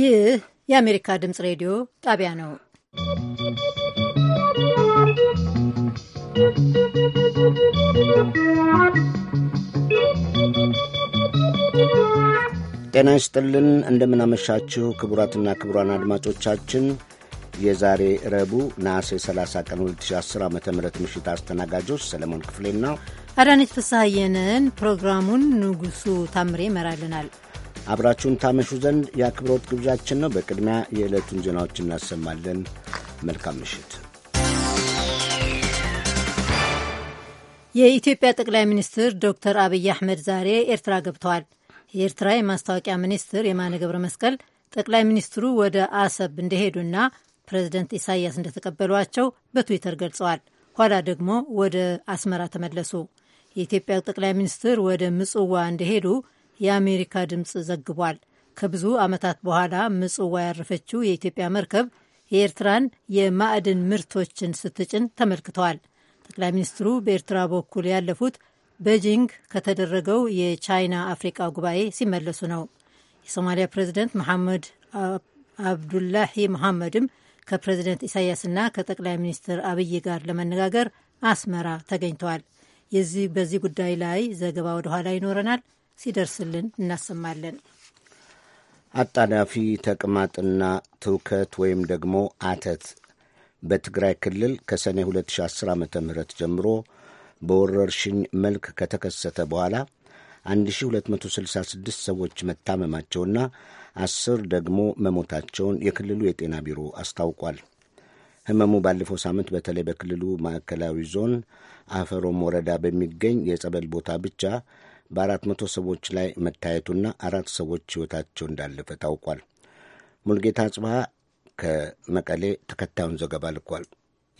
ይህ የአሜሪካ ድምፅ ሬዲዮ ጣቢያ ነው። ጤና ይስጥልን፣ እንደምናመሻችሁ ክቡራትና ክቡራን አድማጮቻችን የዛሬ ረቡዕ ነሐሴ 30 ቀን 2010 ዓ ም ምሽት አስተናጋጆች ሰለሞን ክፍሌና አዳነች ፍስሐየንን ፕሮግራሙን ንጉሱ ታምሬ ይመራልናል። አብራችሁን ታመሹ ዘንድ የአክብሮት ግብዣችን ነው። በቅድሚያ የዕለቱን ዜናዎች እናሰማለን። መልካም ምሽት። የኢትዮጵያ ጠቅላይ ሚኒስትር ዶክተር አብይ አህመድ ዛሬ ኤርትራ ገብተዋል። የኤርትራ የማስታወቂያ ሚኒስትር የማነ ገብረ መስቀል ጠቅላይ ሚኒስትሩ ወደ አሰብ እንደሄዱና ፕሬዚደንት ኢሳያስ እንደተቀበሏቸው በትዊተር ገልጸዋል። ኋላ ደግሞ ወደ አስመራ ተመለሱ። የኢትዮጵያ ጠቅላይ ሚኒስትር ወደ ምጽዋ እንደሄዱ የአሜሪካ ድምፅ ዘግቧል። ከብዙ ዓመታት በኋላ ምጽዋ ያረፈችው የኢትዮጵያ መርከብ የኤርትራን የማዕድን ምርቶችን ስትጭን ተመልክተዋል። ጠቅላይ ሚኒስትሩ በኤርትራ በኩል ያለፉት ቤጂንግ ከተደረገው የቻይና አፍሪቃ ጉባኤ ሲመለሱ ነው። የሶማሊያ ፕሬዚደንት መሐመድ አብዱላሂ መሐመድም ከፕሬዚደንት ኢሳያስና ከጠቅላይ ሚኒስትር አብይ ጋር ለመነጋገር አስመራ ተገኝተዋል። የዚህ በዚህ ጉዳይ ላይ ዘገባ ወደ ኋላ ይኖረናል። ሲደርስልን እናሰማለን። አጣዳፊ ተቅማጥና ትውከት ወይም ደግሞ አተት በትግራይ ክልል ከሰኔ 2010 ዓ ም ጀምሮ በወረርሽኝ መልክ ከተከሰተ በኋላ 1266 ሰዎች መታመማቸውና አስር ደግሞ መሞታቸውን የክልሉ የጤና ቢሮ አስታውቋል። ህመሙ ባለፈው ሳምንት በተለይ በክልሉ ማዕከላዊ ዞን አፈሮም ወረዳ በሚገኝ የጸበል ቦታ ብቻ በአራት መቶ ሰዎች ላይ መታየቱና አራት ሰዎች ሕይወታቸው እንዳለፈ ታውቋል። ሙልጌታ አጽብሃ ከመቀሌ ተከታዩን ዘገባ ልኳል።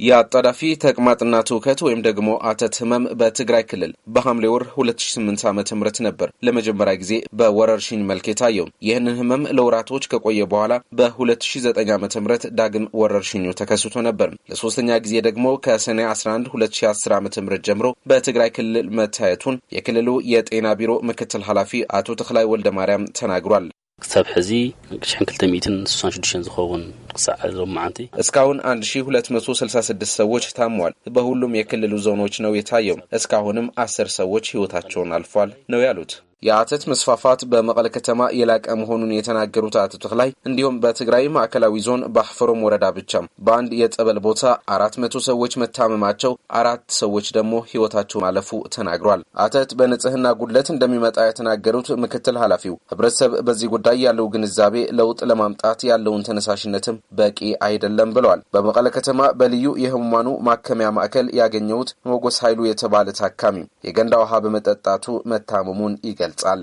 የአጣዳፊ ተቅማጥና ትውከት ወይም ደግሞ አተት ህመም በትግራይ ክልል በሐምሌ ወር 2008 ዓ ም ነበር ለመጀመሪያ ጊዜ በወረርሽኝ መልክ የታየው። ይህንን ህመም ለወራቶች ከቆየ በኋላ በ2009 ዓ ም ዳግም ወረርሽኙ ተከስቶ ነበር። ለሶስተኛ ጊዜ ደግሞ ከሰኔ 11 2010 ዓ ም ጀምሮ በትግራይ ክልል መታየቱን የክልሉ የጤና ቢሮ ምክትል ኃላፊ አቶ ተክላይ ወልደ ማርያም ተናግሯል። ክሳብ ሕዚ 1266 ዝኸውን ክሳዕ ዞም መዓንቲ እስካሁን 1266 ሰዎች ታሟል። በሁሉም የክልሉ ዞኖች ነው የታየው። እስካሁንም አስር ሰዎች ህይወታቸውን አልፏል ነው ያሉት። የአተት መስፋፋት በመቀለ ከተማ የላቀ መሆኑን የተናገሩት አቶ ተክላይ እንዲሁም በትግራይ ማዕከላዊ ዞን ባሕፈሮም ወረዳ ብቻም በአንድ የጸበል ቦታ አራት መቶ ሰዎች መታመማቸው አራት ሰዎች ደግሞ ህይወታቸው ማለፉ ተናግሯል። አተት በንጽህና ጉድለት እንደሚመጣ የተናገሩት ምክትል ኃላፊው ህብረተሰብ በዚህ ጉዳይ ያለው ግንዛቤ ለውጥ ለማምጣት ያለውን ተነሳሽነትም በቂ አይደለም ብለዋል። በመቀለ ከተማ በልዩ የህሙማኑ ማከሚያ ማዕከል ያገኘሁት ሞጎስ ኃይሉ የተባለ ታካሚ የገንዳ ውሃ በመጠጣቱ መታመሙን ይገልጻል።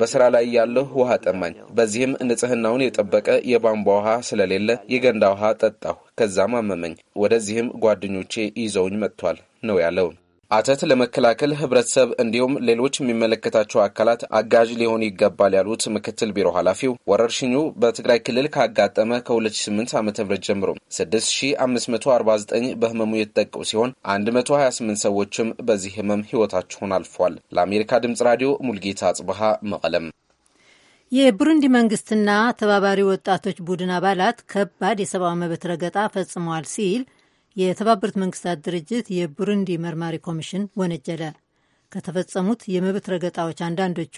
በስራ ላይ ያለሁ ውሃ ጠማኝ። በዚህም ንጽህናውን የጠበቀ የቧንቧ ውሃ ስለሌለ የገንዳ ውሃ ጠጣሁ። ከዛም አመመኝ። ወደዚህም ጓደኞቼ ይዘውኝ መጥቷል ነው ያለው። አተት ለመከላከል ህብረተሰብ እንዲሁም ሌሎች የሚመለከታቸው አካላት አጋዥ ሊሆን ይገባል ያሉት ምክትል ቢሮ ኃላፊው ወረርሽኙ በትግራይ ክልል ካጋጠመ ከ2008 ዓ ም ጀምሮ 6549 በህመሙ የተጠቁ ሲሆን 128 ሰዎችም በዚህ ህመም ህይወታቸውን አልፏል። ለአሜሪካ ድምጽ ራዲዮ ሙልጌታ አጽብሃ መቀለም። የቡሩንዲ መንግስትና ተባባሪ ወጣቶች ቡድን አባላት ከባድ የሰብአዊ መብት ረገጣ ፈጽመዋል ሲል የተባበሩት መንግስታት ድርጅት የቡሩንዲ መርማሪ ኮሚሽን ወነጀለ። ከተፈጸሙት የመብት ረገጣዎች አንዳንዶቹ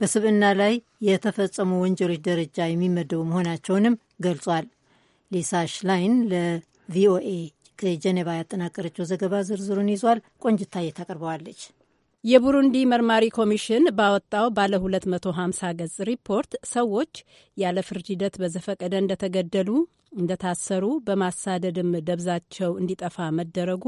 በስብዕና ላይ የተፈጸሙ ወንጀሎች ደረጃ የሚመደቡ መሆናቸውንም ገልጿል። ሊሳ ሽላይን ለቪኦኤ ከጀኔቫ ያጠናቀረችው ዘገባ ዝርዝሩን ይዟል። ቆንጅታዬ ታቀርበዋለች። የቡሩንዲ መርማሪ ኮሚሽን ባወጣው ባለ 250 ገጽ ሪፖርት ሰዎች ያለ ፍርድ ሂደት በዘፈቀደ እንደተገደሉ፣ እንደታሰሩ፣ በማሳደድም ደብዛቸው እንዲጠፋ መደረጉ፣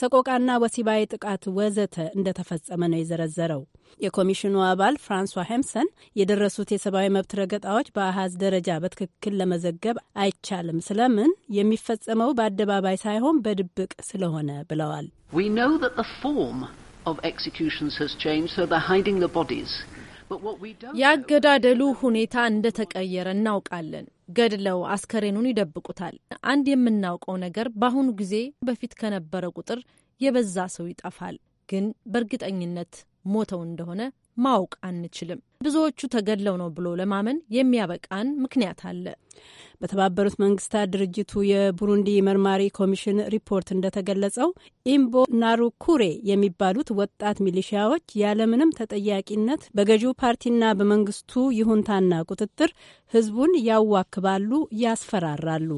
ሰቆቃና ወሲባዊ ጥቃት ወዘተ እንደተፈጸመ ነው የዘረዘረው። የኮሚሽኑ አባል ፍራንሷ ሄምሰን የደረሱት የሰብአዊ መብት ረገጣዎች በአሃዝ ደረጃ በትክክል ለመዘገብ አይቻልም፣ ስለምን የሚፈጸመው በአደባባይ ሳይሆን በድብቅ ስለሆነ ብለዋል። የአገዳደሉ ሁኔታ እንደተቀየረ እናውቃለን። ገድለው አስከሬኑን ይደብቁታል። አንድ የምናውቀው ነገር በአሁኑ ጊዜ በፊት ከነበረ ቁጥር የበዛ ሰው ይጠፋል። ግን በእርግጠኝነት ሞተው እንደሆነ ማወቅ አንችልም። ብዙዎቹ ተገድለው ነው ብሎ ለማመን የሚያበቃን ምክንያት አለ። በተባበሩት መንግስታት ድርጅቱ የቡሩንዲ መርማሪ ኮሚሽን ሪፖርት እንደተገለጸው ኢምቦ ናሩኩሬ የሚባሉት ወጣት ሚሊሺያዎች ያለምንም ተጠያቂነት በገዢው ፓርቲና በመንግስቱ ይሁንታና ቁጥጥር ህዝቡን ያዋክባሉ፣ ያስፈራራሉ።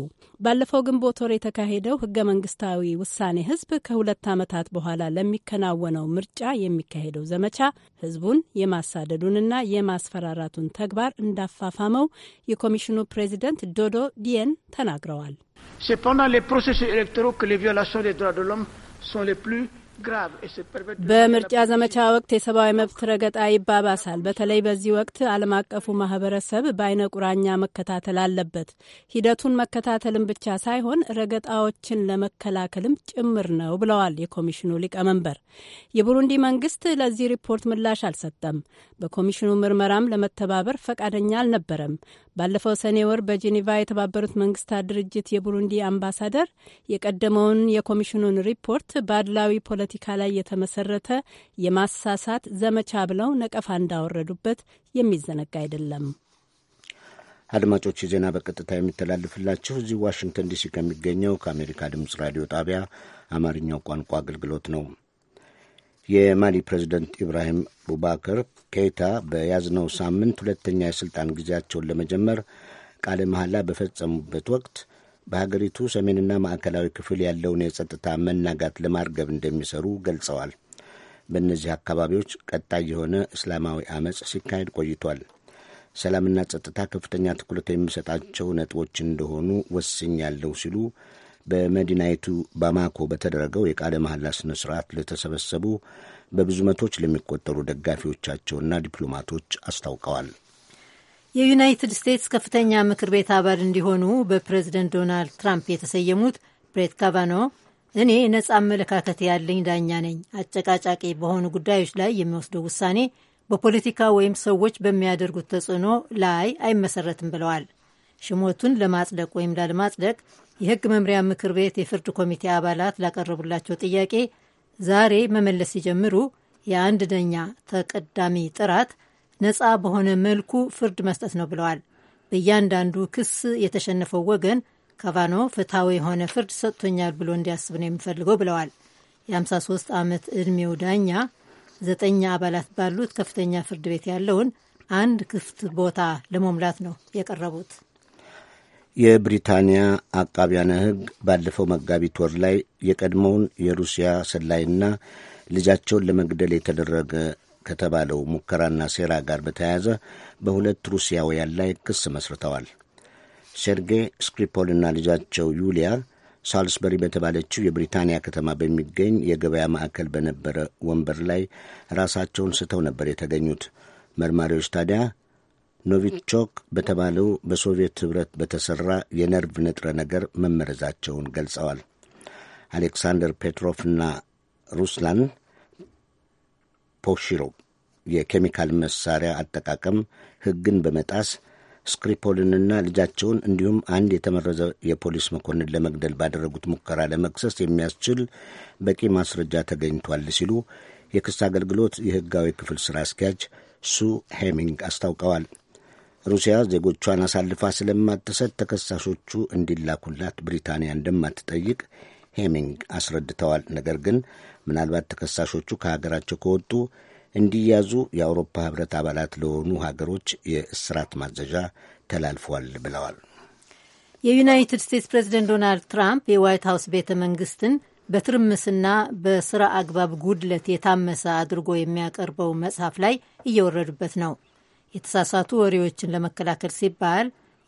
ባለፈው ግንቦት ወር የተካሄደው ህገ መንግስታዊ ውሳኔ ህዝብ ከሁለት ዓመታት በኋላ ለሚከናወነው ምርጫ የሚካሄደው ዘመቻ ህዝቡን የማሳደዱንና የማስፈራራቱን ተግባር እንዳፋፋመው የኮሚሽኑ ፕሬዚደንት ዶዶ ዲየን ተናግረዋል። በምርጫ ዘመቻ ወቅት የሰብአዊ መብት ረገጣ ይባባሳል። በተለይ በዚህ ወቅት ዓለም አቀፉ ማህበረሰብ በአይነ ቁራኛ መከታተል አለበት። ሂደቱን መከታተልም ብቻ ሳይሆን ረገጣዎችን ለመከላከልም ጭምር ነው ብለዋል የኮሚሽኑ ሊቀመንበር። የቡሩንዲ መንግስት ለዚህ ሪፖርት ምላሽ አልሰጠም። በኮሚሽኑ ምርመራም ለመተባበር ፈቃደኛ አልነበረም። ባለፈው ሰኔ ወር በጄኔቫ የተባበሩት መንግስታት ድርጅት የቡሩንዲ አምባሳደር የቀደመውን የኮሚሽኑን ሪፖርት በአድላዊ ፖለቲካ ላይ የተመሰረተ የማሳሳት ዘመቻ ብለው ነቀፋ እንዳወረዱበት የሚዘነጋ አይደለም። አድማጮች፣ ዜና በቀጥታ የሚተላልፍላችሁ እዚህ ዋሽንግተን ዲሲ ከሚገኘው ከአሜሪካ ድምፅ ራዲዮ ጣቢያ አማርኛው ቋንቋ አገልግሎት ነው። የማሊ ፕሬዚደንት ኢብራሂም ቡባከር ኬይታ በያዝነው ሳምንት ሁለተኛ የሥልጣን ጊዜያቸውን ለመጀመር ቃለ መሐላ በፈጸሙበት ወቅት በሀገሪቱ ሰሜንና ማዕከላዊ ክፍል ያለውን የጸጥታ መናጋት ለማርገብ እንደሚሰሩ ገልጸዋል። በእነዚህ አካባቢዎች ቀጣይ የሆነ እስላማዊ አመፅ ሲካሄድ ቆይቷል። ሰላምና ጸጥታ ከፍተኛ ትኩረት የሚሰጣቸው ነጥቦች እንደሆኑ ወስኛለሁ ሲሉ በመዲናይቱ ባማኮ በተደረገው የቃለ መሐላ ስነ ስርዓት ለተሰበሰቡ በብዙ መቶች ለሚቆጠሩ ደጋፊዎቻቸውና ዲፕሎማቶች አስታውቀዋል። የዩናይትድ ስቴትስ ከፍተኛ ምክር ቤት አባል እንዲሆኑ በፕሬዝደንት ዶናልድ ትራምፕ የተሰየሙት ብሬት ካቫኖ እኔ ነጻ አመለካከት ያለኝ ዳኛ ነኝ፣ አጨቃጫቂ በሆኑ ጉዳዮች ላይ የሚወስደው ውሳኔ በፖለቲካ ወይም ሰዎች በሚያደርጉት ተጽዕኖ ላይ አይመሰረትም ብለዋል። ሽሞቱን ለማጽደቅ ወይም ላለማጽደቅ የህግ መምሪያ ምክር ቤት የፍርድ ኮሚቴ አባላት ላቀረቡላቸው ጥያቄ ዛሬ መመለስ ሲጀምሩ ዳኛ ተቀዳሚ ጥራት ነፃ በሆነ መልኩ ፍርድ መስጠት ነው ብለዋል። በእያንዳንዱ ክስ የተሸነፈው ወገን ካቫኖ ፍትሐዊ የሆነ ፍርድ ሰጥቶኛል ብሎ እንዲያስብ ነው የሚፈልገው ብለዋል። የ53 ዓመት ዕድሜው ዳኛ ዘጠኛ አባላት ባሉት ከፍተኛ ፍርድ ቤት ያለውን አንድ ክፍት ቦታ ለመሙላት ነው የቀረቡት። የብሪታንያ አቃቢያነ ሕግ ባለፈው መጋቢት ወር ላይ የቀድሞውን የሩሲያ ሰላይና ልጃቸውን ለመግደል የተደረገ ከተባለው ሙከራና ሴራ ጋር በተያያዘ በሁለት ሩሲያውያን ላይ ክስ መስርተዋል። ሴርጌይ ስክሪፖልና ልጃቸው ዩሊያ ሳልስበሪ በተባለችው የብሪታንያ ከተማ በሚገኝ የገበያ ማዕከል በነበረ ወንበር ላይ ራሳቸውን ስተው ነበር የተገኙት። መርማሪዎች ታዲያ ኖቪቾክ በተባለው በሶቪየት ኅብረት በተሠራ የነርቭ ንጥረ ነገር መመረዛቸውን ገልጸዋል። አሌክሳንደር ፔትሮቭና ሩስላን ፖሺሮ የኬሚካል መሳሪያ አጠቃቀም ሕግን በመጣስ ስክሪፖልንና ልጃቸውን እንዲሁም አንድ የተመረዘ የፖሊስ መኮንን ለመግደል ባደረጉት ሙከራ ለመክሰስ የሚያስችል በቂ ማስረጃ ተገኝቷል ሲሉ የክስ አገልግሎት የሕጋዊ ክፍል ሥራ አስኪያጅ ሱ ሄሚንግ አስታውቀዋል። ሩሲያ ዜጎቿን አሳልፋ ስለማትሰጥ ተከሳሾቹ እንዲላኩላት ብሪታንያ እንደማትጠይቅ ሄሚንግ አስረድተዋል። ነገር ግን ምናልባት ተከሳሾቹ ከሀገራቸው ከወጡ እንዲያዙ የአውሮፓ ሕብረት አባላት ለሆኑ ሀገሮች የእስራት ማዘዣ ተላልፏል ብለዋል። የዩናይትድ ስቴትስ ፕሬዚደንት ዶናልድ ትራምፕ የዋይት ሀውስ ቤተ መንግስትን በትርምስና በስራ አግባብ ጉድለት የታመሰ አድርጎ የሚያቀርበው መጽሐፍ ላይ እየወረዱበት ነው። የተሳሳቱ ወሬዎችን ለመከላከል ሲባል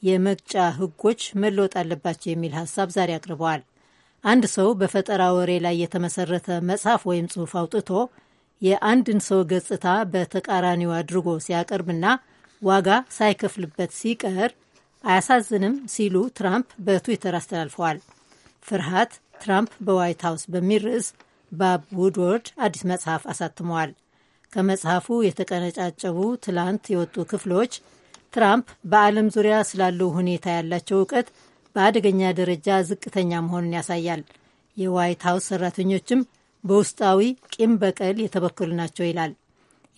የመቅጫ ህጎች መለወጥ አለባቸው የሚል ሀሳብ ዛሬ አቅርበዋል። አንድ ሰው በፈጠራ ወሬ ላይ የተመሰረተ መጽሐፍ ወይም ጽሑፍ አውጥቶ የአንድን ሰው ገጽታ በተቃራኒው አድርጎ ሲያቀርብና ዋጋ ሳይከፍልበት ሲቀር አያሳዝንም ሲሉ ትራምፕ በትዊተር አስተላልፈዋል። ፍርሃት ትራምፕ በዋይት ሀውስ በሚል ርዕስ ባብ ውድወርድ አዲስ መጽሐፍ አሳትመዋል። ከመጽሐፉ የተቀነጫጨቡ ትላንት የወጡ ክፍሎች ትራምፕ በዓለም ዙሪያ ስላለው ሁኔታ ያላቸው እውቀት በአደገኛ ደረጃ ዝቅተኛ መሆኑን ያሳያል። የዋይት ሀውስ ሰራተኞችም በውስጣዊ ቂም በቀል የተበከሉ ናቸው ይላል።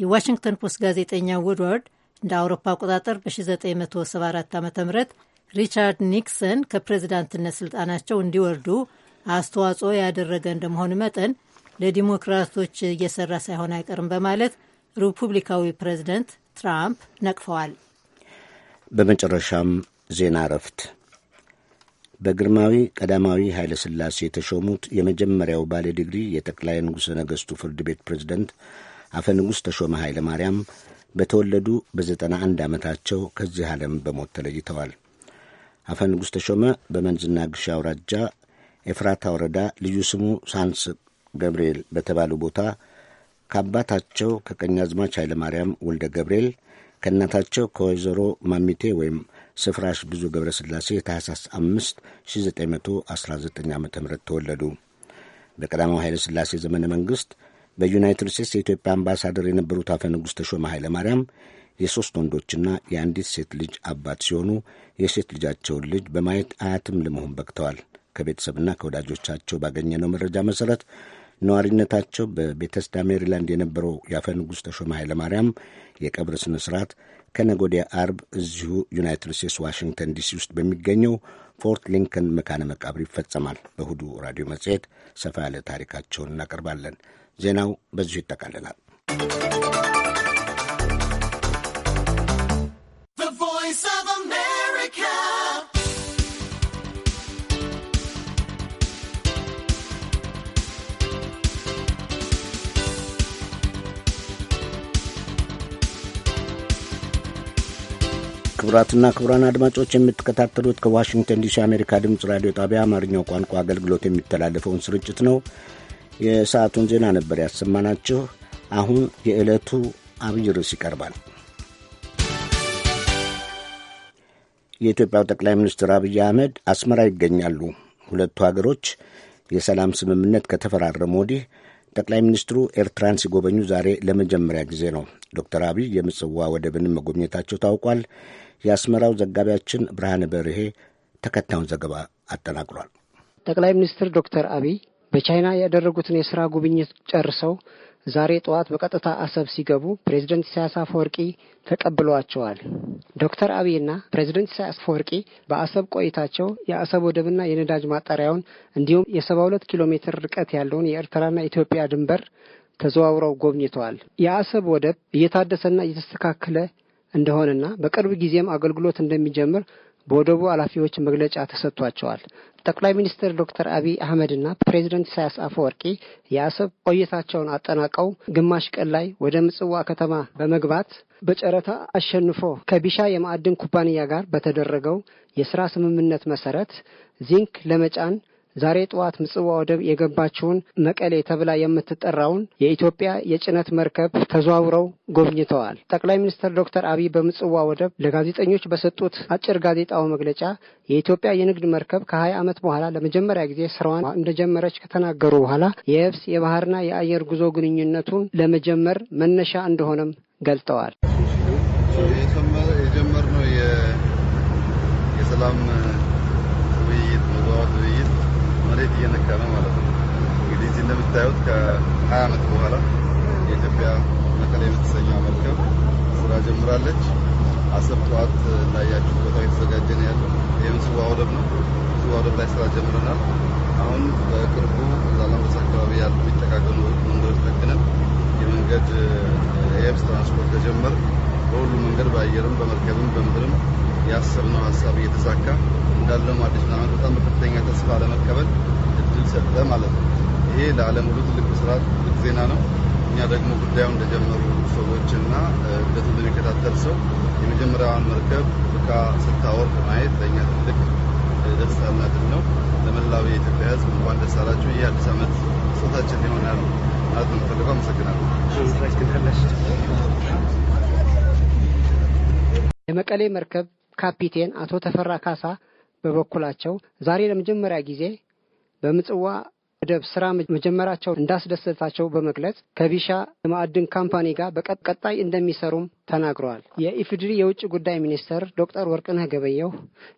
የዋሽንግተን ፖስት ጋዜጠኛ ውድዋርድ እንደ አውሮፓ አቆጣጠር በ1974 ዓ ም ሪቻርድ ኒክሰን ከፕሬዚዳንትነት ስልጣናቸው እንዲወርዱ አስተዋጽኦ ያደረገ እንደመሆኑ መጠን ለዲሞክራቶች እየሰራ ሳይሆን አይቀርም በማለት ሪፑብሊካዊ ፕሬዚደንት ትራምፕ ነቅፈዋል። በመጨረሻም ዜና እረፍት በግርማዊ ቀዳማዊ ኃይለ ሥላሴ የተሾሙት የመጀመሪያው ባለ ዲግሪ የጠቅላይ ንጉሠ ነገሥቱ ፍርድ ቤት ፕሬዝደንት አፈ ንጉሥ ተሾመ ኃይለ ማርያም በተወለዱ በዘጠና አንድ ዓመታቸው ከዚህ ዓለም በሞት ተለይተዋል። አፈ ንጉሥ ተሾመ በመንዝና ግሻ አውራጃ ኤፍራታ ወረዳ ልዩ ስሙ ሳንስ ገብርኤል በተባሉ ቦታ ከአባታቸው ከቀኛዝማች ማርያም ወልደ ገብርኤል ከእናታቸው ከወይዘሮ ማሚቴ ወይም ስፍራሽ ብዙ ገብረ ስላሴ የታህሳስ አምስት 1919 ዓ ም ተወለዱ። በቀዳማዊ ኃይለ ስላሴ ዘመነ መንግሥት በዩናይትድ ስቴትስ የኢትዮጵያ አምባሳደር የነበሩት አፈ ንጉሥ ተሾመ ኃይለ ማርያም የሦስት ወንዶችና የአንዲት ሴት ልጅ አባት ሲሆኑ የሴት ልጃቸውን ልጅ በማየት አያትም ለመሆን በቅተዋል። ከቤተሰብና ከወዳጆቻቸው ባገኘነው መረጃ መሠረት ነዋሪነታቸው በቤተስዳ ሜሪላንድ የነበረው የአፈ ንጉሥ ተሾመ ኃይለማርያም የቀብር ስነ ስርዓት ከነጎዲያ አርብ እዚሁ ዩናይትድ ስቴትስ ዋሽንግተን ዲሲ ውስጥ በሚገኘው ፎርት ሊንከን መካነ መቃብር ይፈጸማል። በእሁዱ ራዲዮ መጽሔት ሰፋ ያለ ታሪካቸውን እናቀርባለን። ዜናው በዚሁ ይጠቃልላል። ክቡራትና ክቡራን አድማጮች የምትከታተሉት ከዋሽንግተን ዲሲ የአሜሪካ ድምፅ ራዲዮ ጣቢያ አማርኛው ቋንቋ አገልግሎት የሚተላለፈውን ስርጭት ነው። የሰዓቱን ዜና ነበር ያሰማናችሁ። አሁን የዕለቱ አብይ ርዕስ ይቀርባል። የኢትዮጵያው ጠቅላይ ሚኒስትር አብይ አህመድ አስመራ ይገኛሉ። ሁለቱ ሀገሮች የሰላም ስምምነት ከተፈራረሙ ወዲህ ጠቅላይ ሚኒስትሩ ኤርትራን ሲጎበኙ ዛሬ ለመጀመሪያ ጊዜ ነው። ዶክተር አብይ የምጽዋ ወደብን መጎብኘታቸው ታውቋል። የአስመራው ዘጋቢያችን ብርሃነ በርሄ ተከታዩን ዘገባ አጠናቅሯል። ጠቅላይ ሚኒስትር ዶክተር አብይ በቻይና ያደረጉትን የስራ ጉብኝት ጨርሰው ዛሬ ጠዋት በቀጥታ አሰብ ሲገቡ ፕሬዚደንት ኢሳያስ አፈወርቂ ተቀብለዋቸዋል። ዶክተር አብይና ፕሬዚደንት ኢሳያስ አፈወርቂ በአሰብ ቆይታቸው የአሰብ ወደብና የነዳጅ ማጣሪያውን እንዲሁም የሰባ ሁለት ኪሎ ሜትር ርቀት ያለውን የኤርትራና ኢትዮጵያ ድንበር ተዘዋውረው ጎብኝተዋል። የአሰብ ወደብ እየታደሰና እየተስተካከለ እንደሆነና በቅርብ ጊዜም አገልግሎት እንደሚጀምር በወደቡ ኃላፊዎች መግለጫ ተሰጥቷቸዋል። ጠቅላይ ሚኒስትር ዶክተር አብይ አህመድና ፕሬዚደንት ኢሳያስ አፈወርቂ የአሰብ ቆይታቸውን አጠናቀው ግማሽ ቀን ላይ ወደ ምጽዋ ከተማ በመግባት በጨረታ አሸንፎ ከቢሻ የማዕድን ኩባንያ ጋር በተደረገው የስራ ስምምነት መሰረት ዚንክ ለመጫን ዛሬ ጠዋት ምጽዋ ወደብ የገባችውን መቀሌ ተብላ የምትጠራውን የኢትዮጵያ የጭነት መርከብ ተዘዋውረው ጎብኝተዋል። ጠቅላይ ሚኒስትር ዶክተር አብይ በምጽዋ ወደብ ለጋዜጠኞች በሰጡት አጭር ጋዜጣዊ መግለጫ የኢትዮጵያ የንግድ መርከብ ከሀያ ዓመት በኋላ ለመጀመሪያ ጊዜ ስራዋን እንደጀመረች ከተናገሩ በኋላ የየብስ የባህርና የአየር ጉዞ ግንኙነቱን ለመጀመር መነሻ እንደሆነም ገልጠዋል። የጀመርነው የሰላም መሬት እየነካ ነው ማለት ነው። እንግዲህ እዚህ እንደምታዩት ከሀያ ዓመት በኋላ የኢትዮጵያ መቀሌ የምትሰኘው መርከብ ስራ ጀምራለች። አሰብ ጠዋት እንዳያችሁ ቦታ የተዘጋጀ ነው ያለው። ይህም ስዋ ወደብ ነው። ስዋ ወደብ ላይ ስራ ጀምረናል። አሁን በቅርቡ ዛላንበሳ አካባቢ ያሉ የሚጠቃቀኑ መንገዶች ጠግነን የመንገድ የየብስ ትራንስፖርት ተጀመር በሁሉም መንገድ በአየርም በመርከብም በምድርም ያሰብነው ሀሳብ እየተሳካ እንዳለውም አዲስ ዓመት በጣም በከፍተኛ ተስፋ ለመቀበል እድል ሰጠ ማለት ነው። ይሄ ለዓለም ሁሉ ትልቅ ብስራት፣ ትልቅ ዜና ነው። እኛ ደግሞ ጉዳዩ እንደጀመሩ ሰዎችና ሂደቱን ለሚከታተል ሰው የመጀመሪያዋን መርከብ ብቃ ስታወርድ ማየት ለእኛ ትልቅ ደስታ ድል ነው። ለመላው የኢትዮጵያ ሕዝብ እንኳን ደስ አላችሁ። ይህ አዲስ ዓመት ስጦታችን ሊሆናል ማለት ነው። ፈልገው አመሰግናለሁ። የመቀሌ መርከብ ካፒቴን አቶ ተፈራ ካሳ በበኩላቸው ዛሬ ለመጀመሪያ ጊዜ በምጽዋ መድብ ስራ መጀመራቸው እንዳስደሰታቸው በመግለጽ ከቢሻ የማዕድን ካምፓኒ ጋር በቀጣይ እንደሚሰሩም ተናግረዋል። የኢፌዴሪ የውጭ ጉዳይ ሚኒስትር ዶክተር ወርቅነህ ገበየሁ፣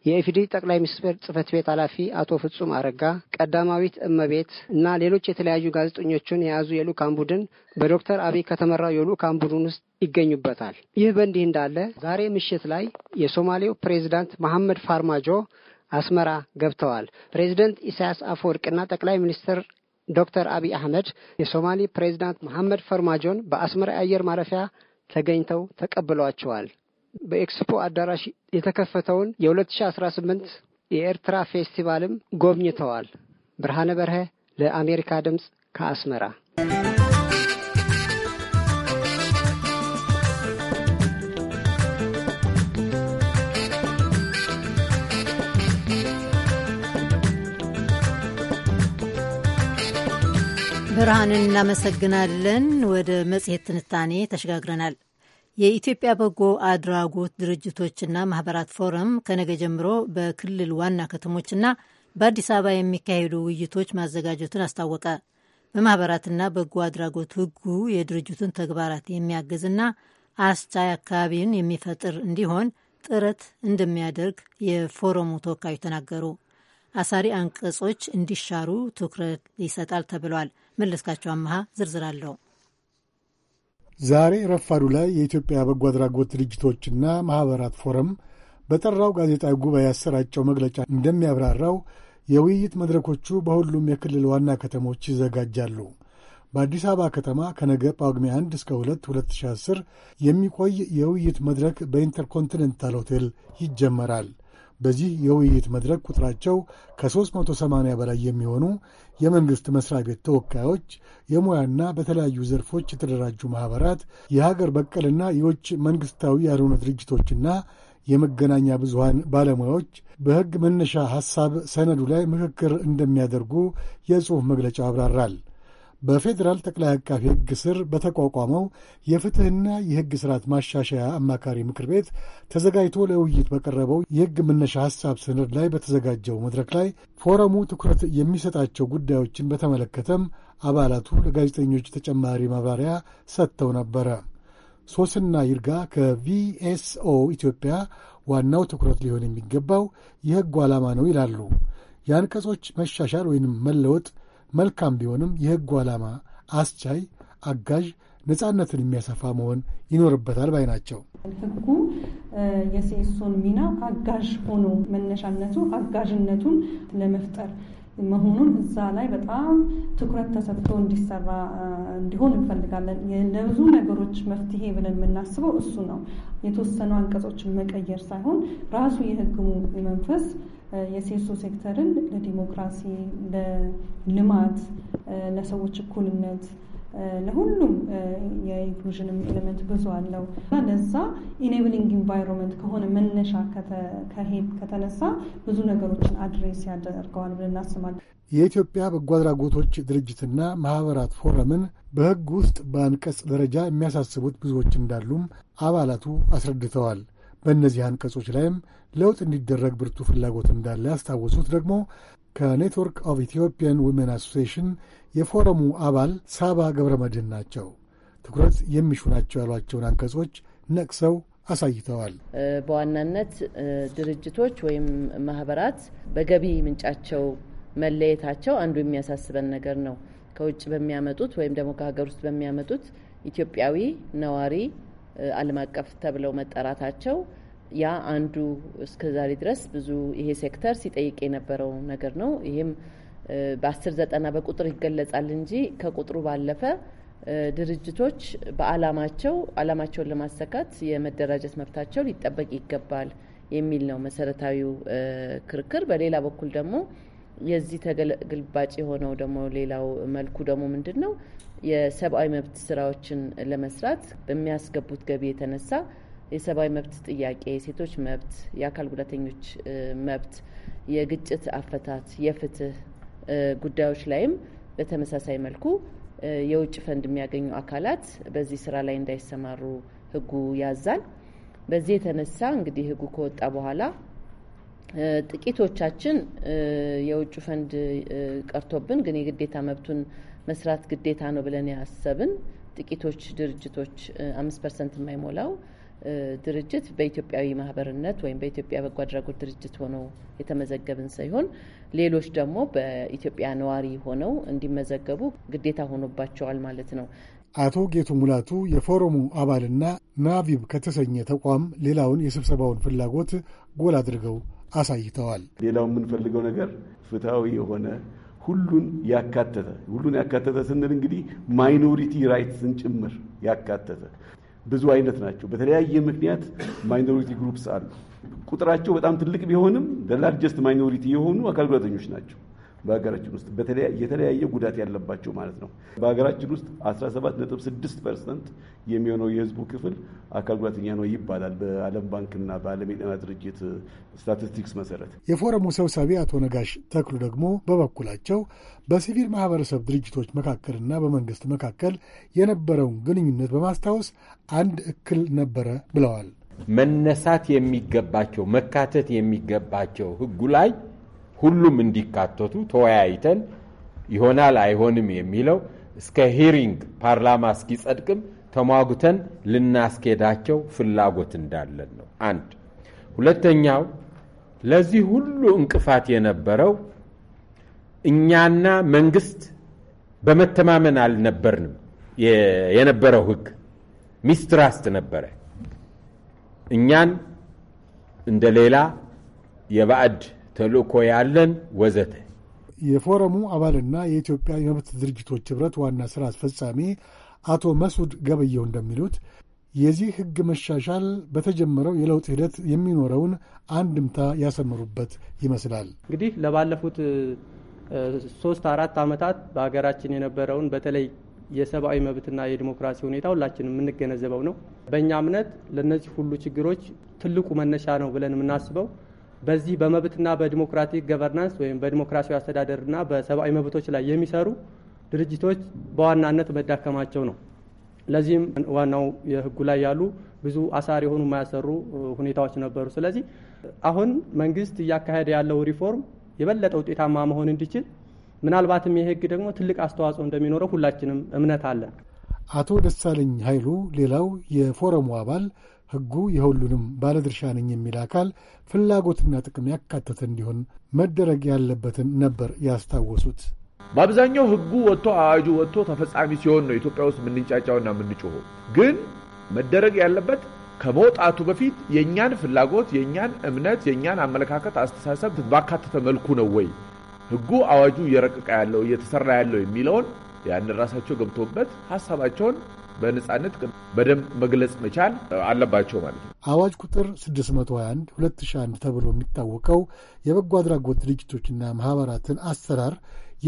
የኢፌዴሪ ጠቅላይ ሚኒስትር ጽህፈት ቤት ኃላፊ አቶ ፍጹም አረጋ፣ ቀዳማዊት እመቤት እና ሌሎች የተለያዩ ጋዜጠኞችን የያዙ የልዑካን ቡድን በዶክተር አብይ ከተመራው የልዑካን ቡድን ውስጥ ይገኙበታል። ይህ በእንዲህ እንዳለ ዛሬ ምሽት ላይ የሶማሌው ፕሬዚዳንት መሐመድ ፋርማጆ አስመራ ገብተዋል። ፕሬዚደንት ኢሳያስ አፈወርቅና ጠቅላይ ሚኒስትር ዶክተር አብይ አህመድ የሶማሌ ፕሬዚዳንት መሐመድ ፈርማጆን በአስመራ የአየር ማረፊያ ተገኝተው ተቀብሏቸዋል። በኤክስፖ አዳራሽ የተከፈተውን የ2018 የኤርትራ ፌስቲቫልም ጎብኝተዋል። ብርሃነ በርሀ ለአሜሪካ ድምፅ ከአስመራ ብርሃንን እናመሰግናለን። ወደ መጽሔት ትንታኔ ተሸጋግረናል። የኢትዮጵያ በጎ አድራጎት ድርጅቶችና ማህበራት ፎረም ከነገ ጀምሮ በክልል ዋና ከተሞችና በአዲስ አበባ የሚካሄዱ ውይይቶች ማዘጋጀቱን አስታወቀ። በማህበራትና በጎ አድራጎት ሕጉ የድርጅቱን ተግባራት የሚያግዝና አስቻይ አካባቢን የሚፈጥር እንዲሆን ጥረት እንደሚያደርግ የፎረሙ ተወካዮች ተናገሩ። አሳሪ አንቀጾች እንዲሻሩ ትኩረት ይሰጣል ተብሏል። መለስካቸው አመሃ ዝርዝር አለው። ዛሬ ረፋዱ ላይ የኢትዮጵያ በጎ አድራጎት ድርጅቶችና ማኅበራት ፎረም በጠራው ጋዜጣዊ ጉባኤ ያሰራጨው መግለጫ እንደሚያብራራው የውይይት መድረኮቹ በሁሉም የክልል ዋና ከተሞች ይዘጋጃሉ። በአዲስ አበባ ከተማ ከነገ ጳጉሜ 1 እስከ 2 2010 የሚቆይ የውይይት መድረክ በኢንተርኮንቲኔንታል ሆቴል ይጀመራል። በዚህ የውይይት መድረክ ቁጥራቸው ከ380 በላይ የሚሆኑ የመንግሥት መሥሪያ ቤት ተወካዮች፣ የሙያና በተለያዩ ዘርፎች የተደራጁ ማኅበራት፣ የሀገር በቀልና የውጭ መንግሥታዊ ያልሆኑ ድርጅቶችና የመገናኛ ብዙሃን ባለሙያዎች በሕግ መነሻ ሐሳብ ሰነዱ ላይ ምክክር እንደሚያደርጉ የጽሑፍ መግለጫው አብራራል። በፌዴራል ጠቅላይ አቃፊ ሕግ ስር በተቋቋመው የፍትህና የሕግ ስርዓት ማሻሻያ አማካሪ ምክር ቤት ተዘጋጅቶ ለውይይት በቀረበው የሕግ መነሻ ሐሳብ ሰነድ ላይ በተዘጋጀው መድረክ ላይ ፎረሙ ትኩረት የሚሰጣቸው ጉዳዮችን በተመለከተም አባላቱ ለጋዜጠኞች ተጨማሪ ማብራሪያ ሰጥተው ነበረ። ሶስና ይርጋ ከቪኤስኦ ኢትዮጵያ ዋናው ትኩረት ሊሆን የሚገባው የሕጉ ዓላማ ነው ይላሉ። የአንቀጾች መሻሻል ወይንም መለወጥ መልካም ቢሆንም የሕጉ ዓላማ አስቻይ፣ አጋዥ፣ ነጻነትን የሚያሰፋ መሆን ይኖርበታል ባይ ናቸው። ሕጉ የሴሶን ሚና አጋዥ ሆኖ መነሻነቱ አጋዥነቱን ለመፍጠር መሆኑን እዛ ላይ በጣም ትኩረት ተሰጥቶ እንዲሰራ እንዲሆን እንፈልጋለን። ለብዙ ነገሮች መፍትሄ ብለን የምናስበው እሱ ነው። የተወሰኑ አንቀጾችን መቀየር ሳይሆን ራሱ የህግሙ መንፈስ የሴሶ ሴክተርን ለዲሞክራሲ፣ ለልማት፣ ለሰዎች እኩልነት ለሁሉም የኢንክሉዥንም ኤሌመንት ብዙ አለው እና ለዛ ኢኔብሊንግ ኢንቫይሮንመንት ከሆነ መነሻ ከሄድ ከተነሳ ብዙ ነገሮችን አድሬስ ያደርገዋል ብለን እናስባለን። የኢትዮጵያ በጎ አድራጎቶች ድርጅትና ማህበራት ፎረምን በህግ ውስጥ በአንቀጽ ደረጃ የሚያሳስቡት ብዙዎች እንዳሉም አባላቱ አስረድተዋል። በእነዚህ አንቀጾች ላይም ለውጥ እንዲደረግ ብርቱ ፍላጎት እንዳለ ያስታወሱት ደግሞ ከኔትወርክ ኦፍ ኢትዮጵያን ዊሜን አሶሲሽን የፎረሙ አባል ሳባ ገብረ መድህን ናቸው። ትኩረት የሚሹ ናቸው ያሏቸውን አንቀጾች ነቅሰው አሳይተዋል። በዋናነት ድርጅቶች ወይም ማህበራት በገቢ ምንጫቸው መለየታቸው አንዱ የሚያሳስበን ነገር ነው። ከውጭ በሚያመጡት ወይም ደግሞ ከሀገር ውስጥ በሚያመጡት ኢትዮጵያዊ ነዋሪ ዓለም አቀፍ ተብለው መጠራታቸው ያ አንዱ እስከዛሬ ድረስ ብዙ ይሄ ሴክተር ሲጠይቅ የነበረው ነገር ነው። ይህም በአስር ዘጠና በቁጥር ይገለጻል እንጂ ከቁጥሩ ባለፈ ድርጅቶች በአላማቸው አላማቸውን ለማሰካት የመደራጀት መብታቸው ሊጠበቅ ይገባል የሚል ነው መሰረታዊው ክርክር። በሌላ በኩል ደግሞ የዚህ ተገልባጭ የሆነው ደግሞ ሌላው መልኩ ደግሞ ምንድን ነው የሰብአዊ መብት ስራዎችን ለመስራት በሚያስገቡት ገቢ የተነሳ የሰብአዊ መብት ጥያቄ፣ የሴቶች መብት፣ የአካል ጉዳተኞች መብት፣ የግጭት አፈታት፣ የፍትህ ጉዳዮች ላይም በተመሳሳይ መልኩ የውጭ ፈንድ የሚያገኙ አካላት በዚህ ስራ ላይ እንዳይሰማሩ ህጉ ያዛል። በዚህ የተነሳ እንግዲህ ህጉ ከወጣ በኋላ ጥቂቶቻችን የውጭ ፈንድ ቀርቶብን ግን የግዴታ መብቱን መስራት ግዴታ ነው ብለን ያሰብን ጥቂቶች ድርጅቶች አምስት ፐርሰንት የማይሞላው ድርጅት በኢትዮጵያዊ ማህበርነት ወይም በኢትዮጵያ በጎ አድራጎት ድርጅት ሆነው የተመዘገብን ሳይሆን ሌሎች ደግሞ በኢትዮጵያ ነዋሪ ሆነው እንዲመዘገቡ ግዴታ ሆኖባቸዋል ማለት ነው። አቶ ጌቱ ሙላቱ የፎረሙ አባልና ናቪብ ከተሰኘ ተቋም ሌላውን የስብሰባውን ፍላጎት ጎል አድርገው አሳይተዋል። ሌላው የምንፈልገው ነገር ፍትሐዊ የሆነ ሁሉን ያካተተ ሁሉን ያካተተ ስንል እንግዲህ ማይኖሪቲ ራይትስን ጭምር ያካተተ ብዙ አይነት ናቸው። በተለያየ ምክንያት ማይኖሪቲ ግሩፕስ አሉ። ቁጥራቸው በጣም ትልቅ ቢሆንም ደላርጀስት ማይኖሪቲ የሆኑ አካል ጉዳተኞች ናቸው። በሀገራችን ውስጥ የተለያየ ጉዳት ያለባቸው ማለት ነው። በሀገራችን ውስጥ 17.6 ፐርሰንት የሚሆነው የህዝቡ ክፍል አካል ጉዳተኛ ነው ይባላል በዓለም ባንክና በዓለም የጤና ድርጅት ስታቲስቲክስ መሰረት። የፎረሙ ሰብሳቢ አቶ ነጋሽ ተክሉ ደግሞ በበኩላቸው በሲቪል ማህበረሰብ ድርጅቶች መካከልና በመንግስት መካከል የነበረውን ግንኙነት በማስታወስ አንድ እክል ነበረ ብለዋል። መነሳት የሚገባቸው መካተት የሚገባቸው ህጉ ላይ ሁሉም እንዲካተቱ ተወያይተን ይሆናል አይሆንም የሚለው እስከ ሂሪንግ ፓርላማ እስኪጸድቅም ተሟጉተን ልናስኬዳቸው ፍላጎት እንዳለን ነው። አንድ ሁለተኛው ለዚህ ሁሉ እንቅፋት የነበረው እኛና መንግስት በመተማመን አልነበርንም። የነበረው ህግ ሚስትራስት ነበረ። እኛን እንደ ሌላ የባዕድ ተልእኮ ያለን ወዘተ። የፎረሙ አባልና የኢትዮጵያ የመብት ድርጅቶች ኅብረት ዋና ሥራ አስፈጻሚ አቶ መስዑድ ገበየው እንደሚሉት የዚህ ሕግ መሻሻል በተጀመረው የለውጥ ሂደት የሚኖረውን አንድምታ ያሰምሩበት ይመስላል። እንግዲህ ለባለፉት ሶስት አራት ዓመታት በሀገራችን የነበረውን በተለይ የሰብአዊ መብትና የዲሞክራሲ ሁኔታ ሁላችንም የምንገነዘበው ነው። በእኛ እምነት ለእነዚህ ሁሉ ችግሮች ትልቁ መነሻ ነው ብለን የምናስበው በዚህ በመብትና በዲሞክራቲክ ገቨርናንስ ወይም በዲሞክራሲያዊ አስተዳደርና በሰብአዊ መብቶች ላይ የሚሰሩ ድርጅቶች በዋናነት መዳከማቸው ነው። ለዚህም ዋናው የህጉ ላይ ያሉ ብዙ አሳሪ የሆኑ የማያሰሩ ሁኔታዎች ነበሩ። ስለዚህ አሁን መንግስት እያካሄደ ያለው ሪፎርም የበለጠ ውጤታማ መሆን እንዲችል ምናልባትም ይህ ህግ ደግሞ ትልቅ አስተዋጽኦ እንደሚኖረው ሁላችንም እምነት አለን። አቶ ደሳለኝ ኃይሉ ሌላው የፎረሙ አባል ህጉ የሁሉንም ባለድርሻ ነኝ የሚል አካል ፍላጎትና ጥቅም ያካተተ እንዲሆን መደረግ ያለበትን ነበር ያስታወሱት። በአብዛኛው ህጉ ወጥቶ አዋጁ ወጥቶ ተፈጻሚ ሲሆን ነው ኢትዮጵያ ውስጥ የምንጫጫውና የምንጮኸው። ግን መደረግ ያለበት ከመውጣቱ በፊት የእኛን ፍላጎት፣ የእኛን እምነት፣ የእኛን አመለካከት፣ አስተሳሰብ ባካተተ መልኩ ነው ወይ ህጉ አዋጁ እየረቀቀ ያለው እየተሰራ ያለው የሚለውን ያንን ራሳቸው ገብቶበት ሀሳባቸውን በነጻነት በደንብ መግለጽ መቻል አለባቸው ማለት ነው። አዋጅ ቁጥር 621 2001 ተብሎ የሚታወቀው የበጎ አድራጎት ድርጅቶችና ማህበራትን አሰራር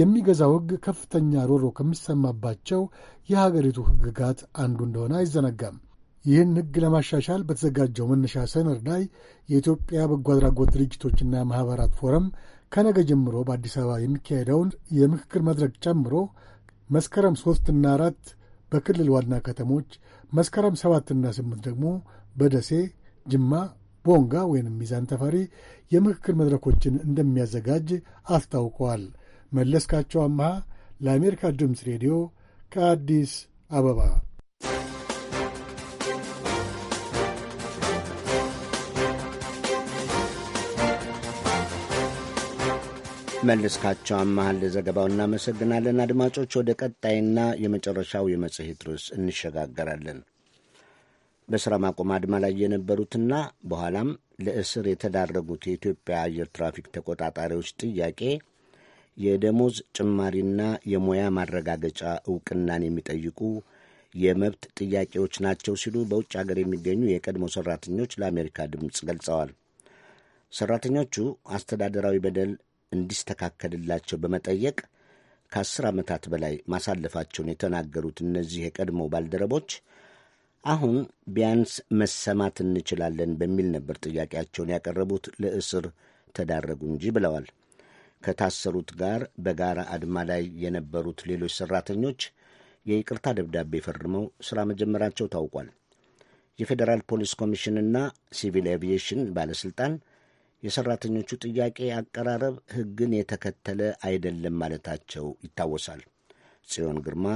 የሚገዛው ህግ ከፍተኛ ሮሮ ከሚሰማባቸው የሀገሪቱ ህግጋት አንዱ እንደሆነ አይዘነጋም። ይህን ህግ ለማሻሻል በተዘጋጀው መነሻ ሰነድ ላይ የኢትዮጵያ በጎ አድራጎት ድርጅቶችና ማህበራት ፎረም ከነገ ጀምሮ በአዲስ አበባ የሚካሄደውን የምክክር መድረክ ጨምሮ መስከረም ሦስትና አራት በክልል ዋና ከተሞች፣ መስከረም ሰባትና ስምንት ደግሞ በደሴ፣ ጅማ፣ ቦንጋ ወይንም ሚዛን ተፈሪ የምክክር መድረኮችን እንደሚያዘጋጅ አስታውቀዋል። መለስካቸው አምሃ ለአሜሪካ ድምፅ ሬዲዮ ከአዲስ አበባ መለስካቸው አመሃል ለዘገባው እናመሰግናለን። አድማጮች ወደ ቀጣይና የመጨረሻው የመጽሔት ርዕስ እንሸጋገራለን። በሥራ ማቆም አድማ ላይ የነበሩትና በኋላም ለእስር የተዳረጉት የኢትዮጵያ አየር ትራፊክ ተቆጣጣሪዎች ጥያቄ የደሞዝ ጭማሪና የሙያ ማረጋገጫ እውቅናን የሚጠይቁ የመብት ጥያቄዎች ናቸው ሲሉ በውጭ ሀገር የሚገኙ የቀድሞ ሠራተኞች ለአሜሪካ ድምፅ ገልጸዋል። ሠራተኞቹ አስተዳደራዊ በደል እንዲስተካከልላቸው በመጠየቅ ከአስር ዓመታት በላይ ማሳለፋቸውን የተናገሩት እነዚህ የቀድሞ ባልደረቦች አሁን ቢያንስ መሰማት እንችላለን በሚል ነበር ጥያቄያቸውን ያቀረቡት ለእስር ተዳረጉ እንጂ ብለዋል። ከታሰሩት ጋር በጋራ አድማ ላይ የነበሩት ሌሎች ሠራተኞች የይቅርታ ደብዳቤ ፈርመው ሥራ መጀመራቸው ታውቋል። የፌዴራል ፖሊስ ኮሚሽንና ሲቪል አቪዬሽን ባለሥልጣን የሰራተኞቹ ጥያቄ አቀራረብ ሕግን የተከተለ አይደለም ማለታቸው ይታወሳል። ጽዮን ግርማ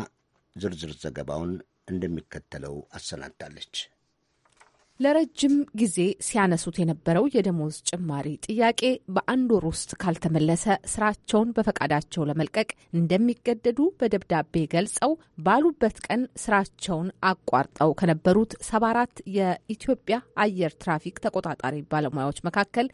ዝርዝር ዘገባውን እንደሚከተለው አሰናድታለች። ለረጅም ጊዜ ሲያነሱት የነበረው የደሞዝ ጭማሪ ጥያቄ በአንድ ወር ውስጥ ካልተመለሰ ስራቸውን በፈቃዳቸው ለመልቀቅ እንደሚገደዱ በደብዳቤ ገልጸው ባሉበት ቀን ስራቸውን አቋርጠው ከነበሩት ሰባ አራት የኢትዮጵያ አየር ትራፊክ ተቆጣጣሪ ባለሙያዎች መካከል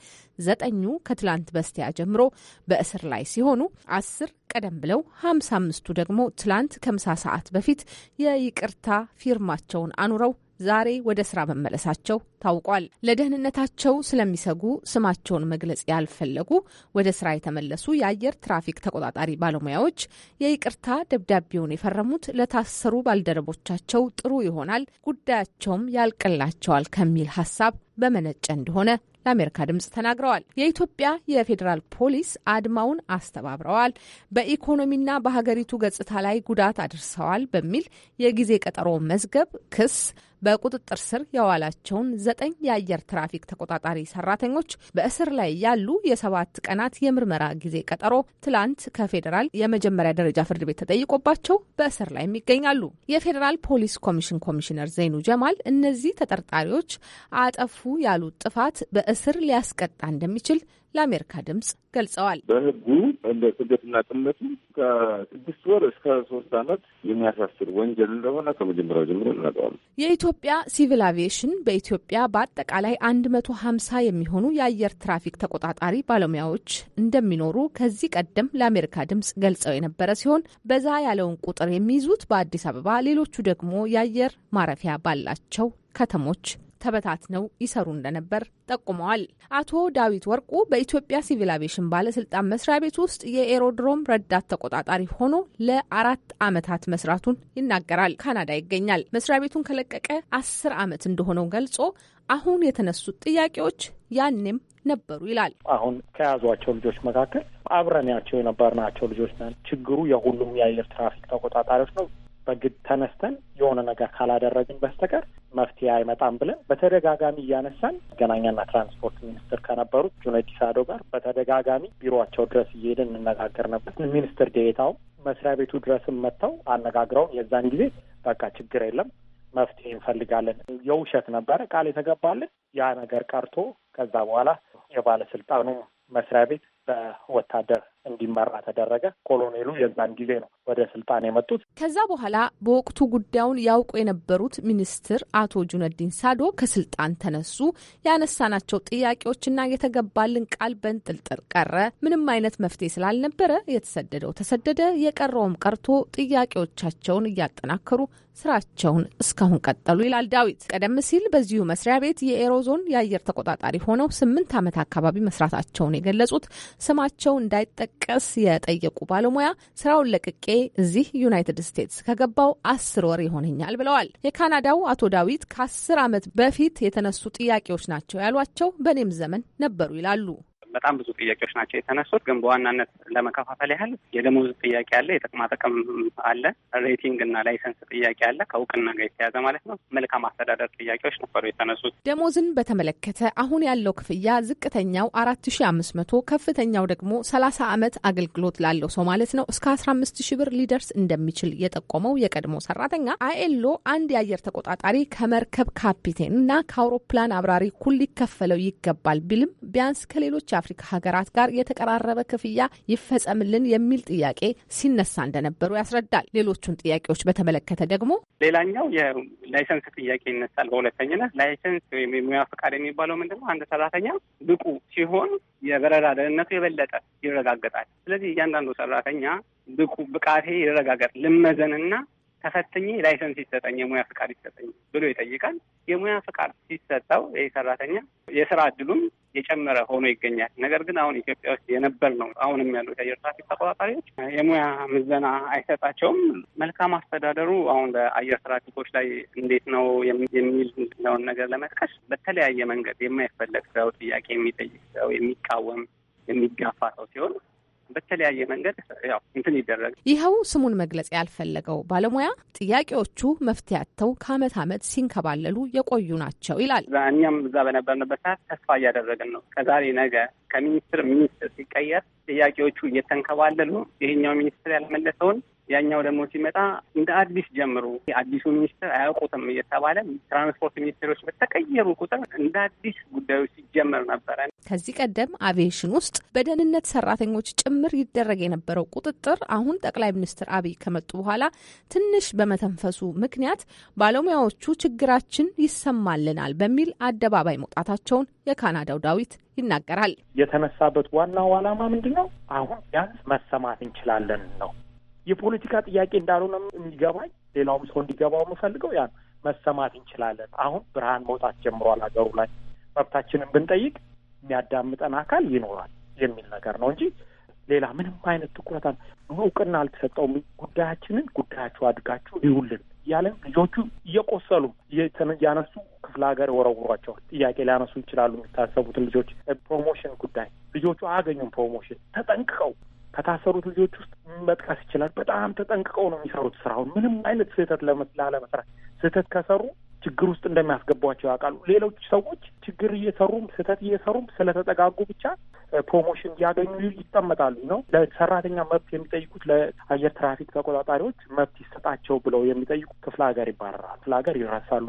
ዘጠኙ ከትላንት በስቲያ ጀምሮ በእስር ላይ ሲሆኑ አስር ቀደም ብለው ሀምሳ አምስቱ ደግሞ ትላንት ከምሳ ሰዓት በፊት የይቅርታ ፊርማቸውን አኑረው ዛሬ ወደ ስራ መመለሳቸው ታውቋል። ለደህንነታቸው ስለሚሰጉ ስማቸውን መግለጽ ያልፈለጉ ወደ ስራ የተመለሱ የአየር ትራፊክ ተቆጣጣሪ ባለሙያዎች የይቅርታ ደብዳቤውን የፈረሙት ለታሰሩ ባልደረቦቻቸው ጥሩ ይሆናል፣ ጉዳያቸውም ያልቅላቸዋል ከሚል ሀሳብ በመነጨ እንደሆነ ለአሜሪካ ድምጽ ተናግረዋል። የኢትዮጵያ የፌዴራል ፖሊስ አድማውን አስተባብረዋል፣ በኢኮኖሚና በሀገሪቱ ገጽታ ላይ ጉዳት አድርሰዋል በሚል የጊዜ ቀጠሮ መዝገብ ክስ በቁጥጥር ስር የዋላቸውን ዘጠኝ የአየር ትራፊክ ተቆጣጣሪ ሰራተኞች በእስር ላይ ያሉ የሰባት ቀናት የምርመራ ጊዜ ቀጠሮ ትላንት ከፌዴራል የመጀመሪያ ደረጃ ፍርድ ቤት ተጠይቆባቸው በእስር ላይም ይገኛሉ። የፌዴራል ፖሊስ ኮሚሽን ኮሚሽነር ዘይኑ ጀማል እነዚህ ተጠርጣሪዎች አጠፉ ያሉት ጥፋት በእስር ሊያስቀጣ እንደሚችል ለአሜሪካ ድምጽ ገልጸዋል። በህጉ እንደ ስደትና ጥመቱ ከስድስት ወር እስከ ሶስት ዓመት የሚያሳስር ወንጀል እንደሆነ ከመጀመሪያው ጀምሮ እናውቀዋለን። የኢትዮጵያ ሲቪል አቪዬሽን በኢትዮጵያ በአጠቃላይ አንድ መቶ ሀምሳ የሚሆኑ የአየር ትራፊክ ተቆጣጣሪ ባለሙያዎች እንደሚኖሩ ከዚህ ቀደም ለአሜሪካ ድምጽ ገልጸው የነበረ ሲሆን በዛ ያለውን ቁጥር የሚይዙት በአዲስ አበባ፣ ሌሎቹ ደግሞ የአየር ማረፊያ ባላቸው ከተሞች ተበታትነው ይሰሩ እንደነበር ጠቁመዋል። አቶ ዳዊት ወርቁ በኢትዮጵያ ሲቪል አቪሽን ባለስልጣን መስሪያ ቤት ውስጥ የኤሮድሮም ረዳት ተቆጣጣሪ ሆኖ ለአራት ዓመታት መስራቱን ይናገራል። ካናዳ ይገኛል። መስሪያ ቤቱን ከለቀቀ አስር ዓመት እንደሆነው ገልጾ አሁን የተነሱት ጥያቄዎች ያኔም ነበሩ ይላል። አሁን ከያዟቸው ልጆች መካከል አብረን ያቸው የነበርናቸው ልጆች ነን። ችግሩ የሁሉም የአየር ትራፊክ ተቆጣጣሪዎች ነው። በግድ ተነስተን የሆነ ነገር ካላደረግን በስተቀር መፍትሄ አይመጣም ብለን በተደጋጋሚ እያነሳን መገናኛና ትራንስፖርት ሚኒስትር ከነበሩት ጁነዲን ሳዶ ጋር በተደጋጋሚ ቢሮቸው ድረስ እየሄድን እንነጋገር ነበር። ሚኒስትር ዴኤታው መስሪያ ቤቱ ድረስም መጥተው አነጋግረውን የዛን ጊዜ በቃ ችግር የለም መፍትሄ እንፈልጋለን። የውሸት ነበረ ቃል የተገባልን ያ ነገር ቀርቶ ከዛ በኋላ የባለስልጣኑ መስሪያ ቤት በወታደር እንዲመራ ተደረገ። ኮሎኔሉ የዛን ጊዜ ነው ወደ ስልጣን የመጡት። ከዛ በኋላ በወቅቱ ጉዳዩን ያውቁ የነበሩት ሚኒስትር አቶ ጁነዲን ሳዶ ከስልጣን ተነሱ። ያነሳናቸው ጥያቄዎችና የተገባልን ቃል በንጥልጥል ቀረ። ምንም አይነት መፍትሄ ስላልነበረ የተሰደደው ተሰደደ፣ የቀረውም ቀርቶ ጥያቄዎቻቸውን እያጠናከሩ ስራቸውን እስካሁን ቀጠሉ ይላል ዳዊት። ቀደም ሲል በዚሁ መስሪያ ቤት የኤሮዞን የአየር ተቆጣጣሪ ሆነው ስምንት ዓመት አካባቢ መስራታቸውን የገለጹት ስማቸው እንዳይጠቀ እንዲጠቀስ የጠየቁ ባለሙያ ስራውን ለቅቄ እዚህ ዩናይትድ ስቴትስ ከገባው አስር ወር ይሆነኛል ብለዋል። የካናዳው አቶ ዳዊት ከአስር ዓመት በፊት የተነሱ ጥያቄዎች ናቸው ያሏቸው በእኔም ዘመን ነበሩ ይላሉ። በጣም ብዙ ጥያቄዎች ናቸው የተነሱት። ግን በዋናነት ለመከፋፈል ያህል የደሞዝ ጥያቄ አለ፣ የጥቅማ ጥቅም አለ፣ ሬቲንግ እና ላይሰንስ ጥያቄ አለ፣ ከእውቅና ጋር የተያዘ ማለት ነው። መልካም አስተዳደር ጥያቄዎች ነበሩ የተነሱት። ደሞዝን በተመለከተ አሁን ያለው ክፍያ ዝቅተኛው አራት ሺ አምስት መቶ ከፍተኛው ደግሞ ሰላሳ አመት አገልግሎት ላለው ሰው ማለት ነው እስከ አስራ አምስት ሺ ብር ሊደርስ እንደሚችል የጠቆመው የቀድሞ ሰራተኛ አኤሎ አንድ የአየር ተቆጣጣሪ ከመርከብ ካፒቴን እና ከአውሮፕላን አብራሪ እኩል ሊከፈለው ይገባል ቢልም ቢያንስ ከሌሎች የአፍሪካ ሀገራት ጋር የተቀራረበ ክፍያ ይፈጸምልን የሚል ጥያቄ ሲነሳ እንደነበሩ ያስረዳል። ሌሎቹን ጥያቄዎች በተመለከተ ደግሞ ሌላኛው የላይሰንስ ጥያቄ ይነሳል። በሁለተኝነት ላይሰንስ ወይም የሙያ ፈቃድ የሚባለው ምንድነው? አንድ ሰራተኛ ብቁ ሲሆን የበረራ ደህንነቱ የበለጠ ይረጋገጣል። ስለዚህ እያንዳንዱ ሰራተኛ ብቁ ብቃቴ ይረጋገጥ ልመዘንና ተፈትኜ ላይሰንስ ይሰጠኝ የሙያ ፍቃድ ይሰጠኝ ብሎ ይጠይቃል። የሙያ ፍቃድ ሲሰጠው ይህ ሰራተኛ የስራ እድሉም የጨመረ ሆኖ ይገኛል። ነገር ግን አሁን ኢትዮጵያ ውስጥ የነበር ነው አሁንም ያሉት የአየር ትራፊክ ተቆጣጣሪዎች የሙያ ምዘና አይሰጣቸውም። መልካም አስተዳደሩ አሁን በአየር ትራፊኮች ላይ እንዴት ነው የሚል ለውን ነገር ለመጥቀስ በተለያየ መንገድ የማይፈለግ ሰው ጥያቄ የሚጠይቅ ሰው የሚቃወም የሚጋፋ ሰው ሲሆን በተለያየ መንገድ ያው እንትን ይደረግ። ይኸው ስሙን መግለጽ ያልፈለገው ባለሙያ ጥያቄዎቹ መፍትሄ አጥተው ከአመት አመት ሲንከባለሉ የቆዩ ናቸው ይላል። እኛም እዛ በነበርንበት ሰዓት ተስፋ እያደረግን ነው ከዛሬ ነገ ከሚኒስትር ሚኒስትር ሲቀየር ጥያቄዎቹ እየተንከባለሉ ይሄኛው ሚኒስትር ያልመለሰውን ያኛው ደግሞ ሲመጣ እንደ አዲስ ጀምሩ አዲሱ ሚኒስትር አያውቁትም እየተባለ ትራንስፖርት ሚኒስትሮች በተቀየሩ ቁጥር እንደ አዲስ ጉዳዩ ሲጀመር ነበረ። ከዚህ ቀደም አቪዬሽን ውስጥ በደህንነት ሰራተኞች ጭምር ይደረግ የነበረው ቁጥጥር አሁን ጠቅላይ ሚኒስትር አብይ ከመጡ በኋላ ትንሽ በመተንፈሱ ምክንያት ባለሙያዎቹ ችግራችን ይሰማልናል በሚል አደባባይ መውጣታቸውን የካናዳው ዳዊት ይናገራል። የተነሳበት ዋናው ዓላማ ምንድን ነው? አሁን ቢያንስ መሰማት እንችላለን ነው የፖለቲካ ጥያቄ እንዳልሆነ የሚገባኝ ሌላውም ሰው እንዲገባው የምፈልገው ያ መሰማት እንችላለን። አሁን ብርሃን መውጣት ጀምሯል ሀገሩ ላይ መብታችንን ብንጠይቅ የሚያዳምጠን አካል ይኖራል የሚል ነገር ነው እንጂ ሌላ ምንም አይነት ትኩረት እውቅና አልተሰጠውም። ጉዳያችንን ጉዳያችሁ አድጋችሁ ይውልን እያለን ልጆቹ እየቆሰሉ ያነሱ ክፍለ ሀገር ይወረውሯቸዋል። ጥያቄ ሊያነሱ ይችላሉ የሚታሰቡትን ልጆች ፕሮሞሽን ጉዳይ ልጆቹ አያገኙም ፕሮሞሽን ተጠንቅቀው ከታሰሩት ልጆች ውስጥ መጥቀስ ይችላል። በጣም ተጠንቅቀው ነው የሚሰሩት ስራውን ምንም አይነት ስህተት ላለመስራት ስህተት ከሰሩ ችግር ውስጥ እንደሚያስገቧቸው ያውቃሉ። ሌሎች ሰዎች ችግር እየሰሩም ስህተት እየሰሩም ስለተጠጋጉ ብቻ ፕሮሞሽን እያገኙ ይጠመጣሉ ነው። ለሰራተኛ መብት የሚጠይቁት ለአየር ትራፊክ ተቆጣጣሪዎች መብት ይሰጣቸው ብለው የሚጠይቁት ክፍለ ሀገር ይባረራል፣ ክፍለ ሀገር ይረሳሉ።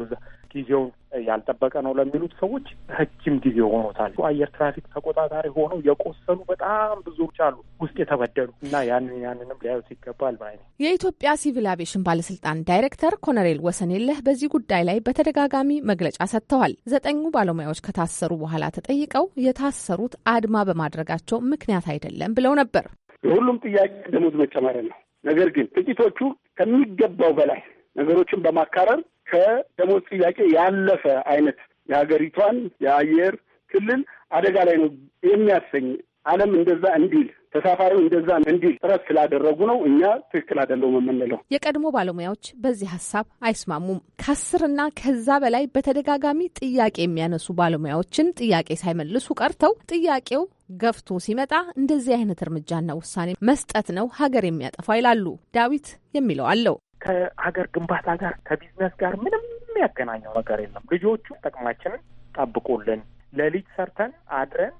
ጊዜውን ያልጠበቀ ነው ለሚሉት ሰዎች ረጅም ጊዜ ሆኖታል። አየር ትራፊክ ተቆጣጣሪ ሆነው የቆሰሉ በጣም ብዙዎች አሉ ውስጥ የተበደሉ እና ያንን ያንንም ሊያዩት ይገባል ባይ ነው። የኢትዮጵያ ሲቪል አቪሽን ባለስልጣን ዳይሬክተር ኮሎኔል ወሰኔለህ በዚህ ጉዳይ ላይ በተደጋጋሚ መግለጫ ሰጥተዋል። ዘጠኙ ባለሙያዎች ከታሰሩ በኋላ ተጠይቀው የታሰሩት አድማ በማድረጋቸው ምክንያት አይደለም ብለው ነበር። የሁሉም ጥያቄ ደሞዝ መጨመር ነው። ነገር ግን ጥቂቶቹ ከሚገባው በላይ ነገሮችን በማካረር ከደሞዝ ጥያቄ ያለፈ አይነት የሀገሪቷን የአየር ክልል አደጋ ላይ ነው የሚያሰኝ ዓለም እንደዛ እንዲል ተሳፋሪው እንደዛ እንዲል ጥረት ስላደረጉ ነው እኛ ትክክል አይደለውም የምንለው። የቀድሞ ባለሙያዎች በዚህ ሀሳብ አይስማሙም። ከአስርና ከዛ በላይ በተደጋጋሚ ጥያቄ የሚያነሱ ባለሙያዎችን ጥያቄ ሳይመልሱ ቀርተው ጥያቄው ገፍቶ ሲመጣ እንደዚህ አይነት እርምጃና ውሳኔ መስጠት ነው ሀገር የሚያጠፋ ይላሉ። ዳዊት የሚለው አለው ከሀገር ግንባታ ጋር ከቢዝነስ ጋር ምንም የሚያገናኘው ነገር የለም። ልጆቹ ጥቅማችንን ጠብቆልን ለሊት ሰርተን አድረን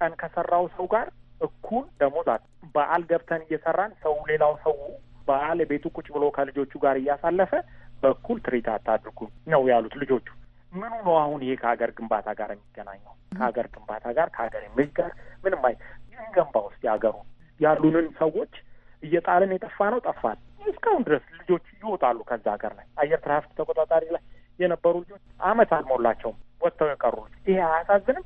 ቀን ከሰራው ሰው ጋር እኩል ደሞዝ አለ። በዓል ገብተን እየሰራን ሰው ሌላው ሰው በዓል ቤቱ ቁጭ ብሎ ከልጆቹ ጋር እያሳለፈ በኩል ትሪት አታድርጉ ነው ያሉት ልጆቹ። ምኑ ነው አሁን ይሄ ከሀገር ግንባታ ጋር የሚገናኘው? ከሀገር ግንባታ ጋር ከሀገር የሚል ጋር ምንም አይ እንገንባ ውስጥ ያገሩ ያሉንን ሰዎች እየጣልን የጠፋ ነው ጠፋል። እስካሁን ድረስ ልጆች ይወጣሉ ከዛ ሀገር ላይ አየር ትራፊክ ተቆጣጣሪ ላይ የነበሩ ልጆች አመት አልሞላቸውም ወጥተው የቀሩ ይሄ አያሳዝንም?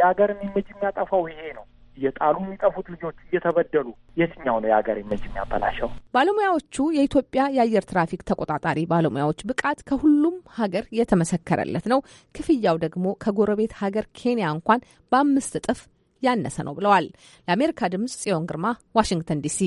የሀገርን ኢሜጅ የሚያጠፋው ይሄ ነው። እየጣሉ የሚጠፉት ልጆች እየተበደሉ የትኛው ነው የሀገር ኢሜጅ የሚያበላሸው? ባለሙያዎቹ የኢትዮጵያ የአየር ትራፊክ ተቆጣጣሪ ባለሙያዎች ብቃት ከሁሉም ሀገር የተመሰከረለት ነው። ክፍያው ደግሞ ከጎረቤት ሀገር ኬንያ እንኳን በአምስት እጥፍ ያነሰ ነው ብለዋል። ለአሜሪካ ድምጽ ጽዮን ግርማ ዋሽንግተን ዲሲ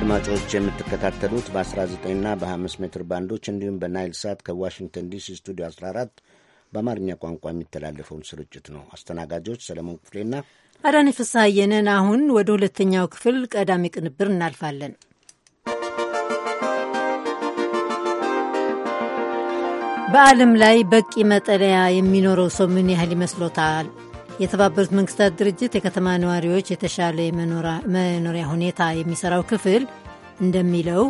አድማጮች የምትከታተሉት በ19ና በ5 ሜትር ባንዶች እንዲሁም በናይል ሳት ከዋሽንግተን ዲሲ ስቱዲዮ 14 በአማርኛ ቋንቋ የሚተላለፈውን ስርጭት ነው። አስተናጋጆች ሰለሞን ክፍሌና አዳኒ ፍስሐየንን። አሁን ወደ ሁለተኛው ክፍል ቀዳሚ ቅንብር እናልፋለን። በዓለም ላይ በቂ መጠለያ የሚኖረው ሰው ምን ያህል ይመስሎታል? የተባበሩት መንግስታት ድርጅት የከተማ ነዋሪዎች የተሻለ መኖሪያ ሁኔታ የሚሰራው ክፍል እንደሚለው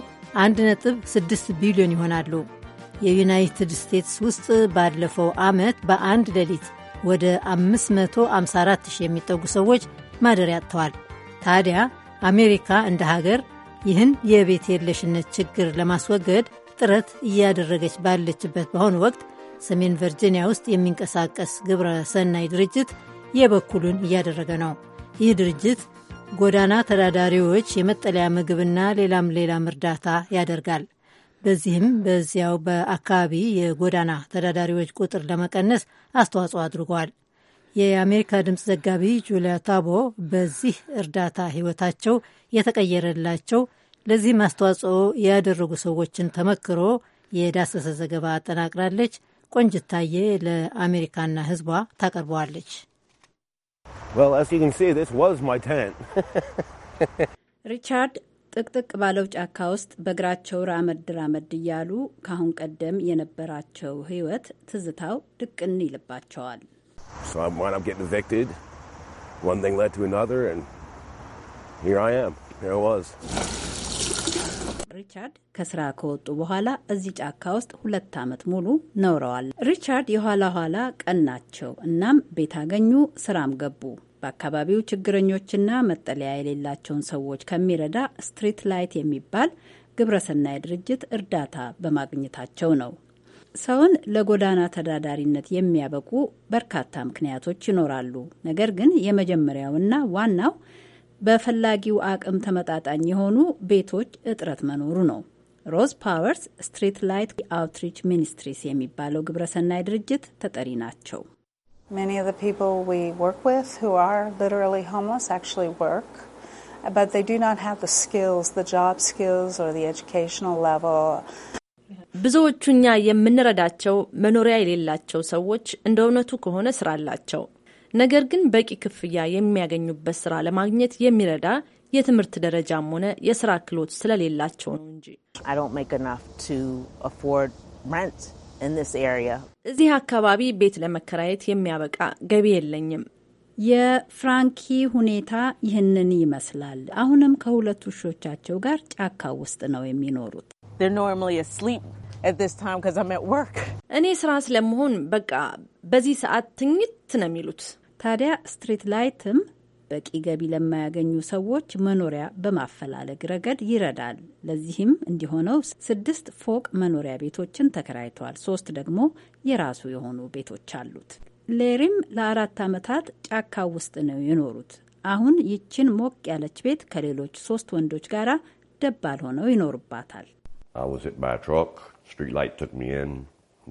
1.6 ቢሊዮን ይሆናሉ። የዩናይትድ ስቴትስ ውስጥ ባለፈው ዓመት በአንድ ሌሊት ወደ 554 የሚጠጉ ሰዎች ማደሪያ አጥተዋል። ታዲያ አሜሪካ እንደ ሀገር ይህን የቤት የለሽነት ችግር ለማስወገድ ጥረት እያደረገች ባለችበት በአሁኑ ወቅት ሰሜን ቨርጂኒያ ውስጥ የሚንቀሳቀስ ግብረ ሰናይ ድርጅት የበኩሉን እያደረገ ነው። ይህ ድርጅት ጎዳና ተዳዳሪዎች የመጠለያ ምግብና ሌላም ሌላም እርዳታ ያደርጋል። በዚህም በዚያው በአካባቢ የጎዳና ተዳዳሪዎች ቁጥር ለመቀነስ አስተዋጽኦ አድርጓል። የአሜሪካ ድምፅ ዘጋቢ ጁሊያ ታቦ በዚህ እርዳታ ሕይወታቸው የተቀየረላቸው ለዚህ አስተዋጽኦ ያደረጉ ሰዎችን ተመክሮ የዳሰሰ ዘገባ አጠናቅራለች። ቆንጅታዬ ለአሜሪካና ሕዝቧ ታቀርበዋለች። Well, as you can see, this was my tent. ሪቻርድ ጥቅጥቅ ባለው ጫካ ውስጥ በእግራቸው ራመድ ራመድ እያሉ ካሁን ቀደም የነበራቸው ሕይወት ትዝታው ድቅን ይልባቸዋል። ሪቻርድ ከስራ ከወጡ በኋላ እዚህ ጫካ ውስጥ ሁለት ዓመት ሙሉ ነውረዋል። ሪቻርድ የኋላ ኋላ ቀን ናቸው። እናም ቤት አገኙ፣ ስራም ገቡ። በአካባቢው ችግረኞችና መጠለያ የሌላቸውን ሰዎች ከሚረዳ ስትሪት ላይት የሚባል ግብረሰናይ ድርጅት እርዳታ በማግኘታቸው ነው። ሰውን ለጎዳና ተዳዳሪነት የሚያበቁ በርካታ ምክንያቶች ይኖራሉ። ነገር ግን የመጀመሪያውና ዋናው በፈላጊው አቅም ተመጣጣኝ የሆኑ ቤቶች እጥረት መኖሩ ነው። ሮዝ ፓወርስ ስትሪት ላይት አውትሪች ሚኒስትሪስ የሚባለው ግብረሰናይ ድርጅት ተጠሪ ናቸው። ብዙዎቹ እኛ የምንረዳቸው መኖሪያ የሌላቸው ሰዎች እንደ እውነቱ ከሆነ ስራ አላቸው ነገር ግን በቂ ክፍያ የሚያገኙበት ስራ ለማግኘት የሚረዳ የትምህርት ደረጃም ሆነ የስራ ክህሎት ስለሌላቸው ነው እንጂ እዚህ አካባቢ ቤት ለመከራየት የሚያበቃ ገቢ የለኝም። የፍራንኪ ሁኔታ ይህንን ይመስላል። አሁንም ከሁለት ውሾቻቸው ጋር ጫካ ውስጥ ነው የሚኖሩት። እኔ ስራ ስለመሆን በቃ በዚህ ሰዓት ትኝት ነው የሚሉት። ታዲያ ስትሪት ላይትም በቂ ገቢ ለማያገኙ ሰዎች መኖሪያ በማፈላለግ ረገድ ይረዳል። ለዚህም እንዲሆነው ስድስት ፎቅ መኖሪያ ቤቶችን ተከራይተዋል። ሶስት ደግሞ የራሱ የሆኑ ቤቶች አሉት። ሌሪም ለአራት ዓመታት ጫካ ውስጥ ነው የኖሩት። አሁን ይችን ሞቅ ያለች ቤት ከሌሎች ሶስት ወንዶች ጋር ደባል ሆነው ይኖሩባታል። I was hit by a truck. took me in.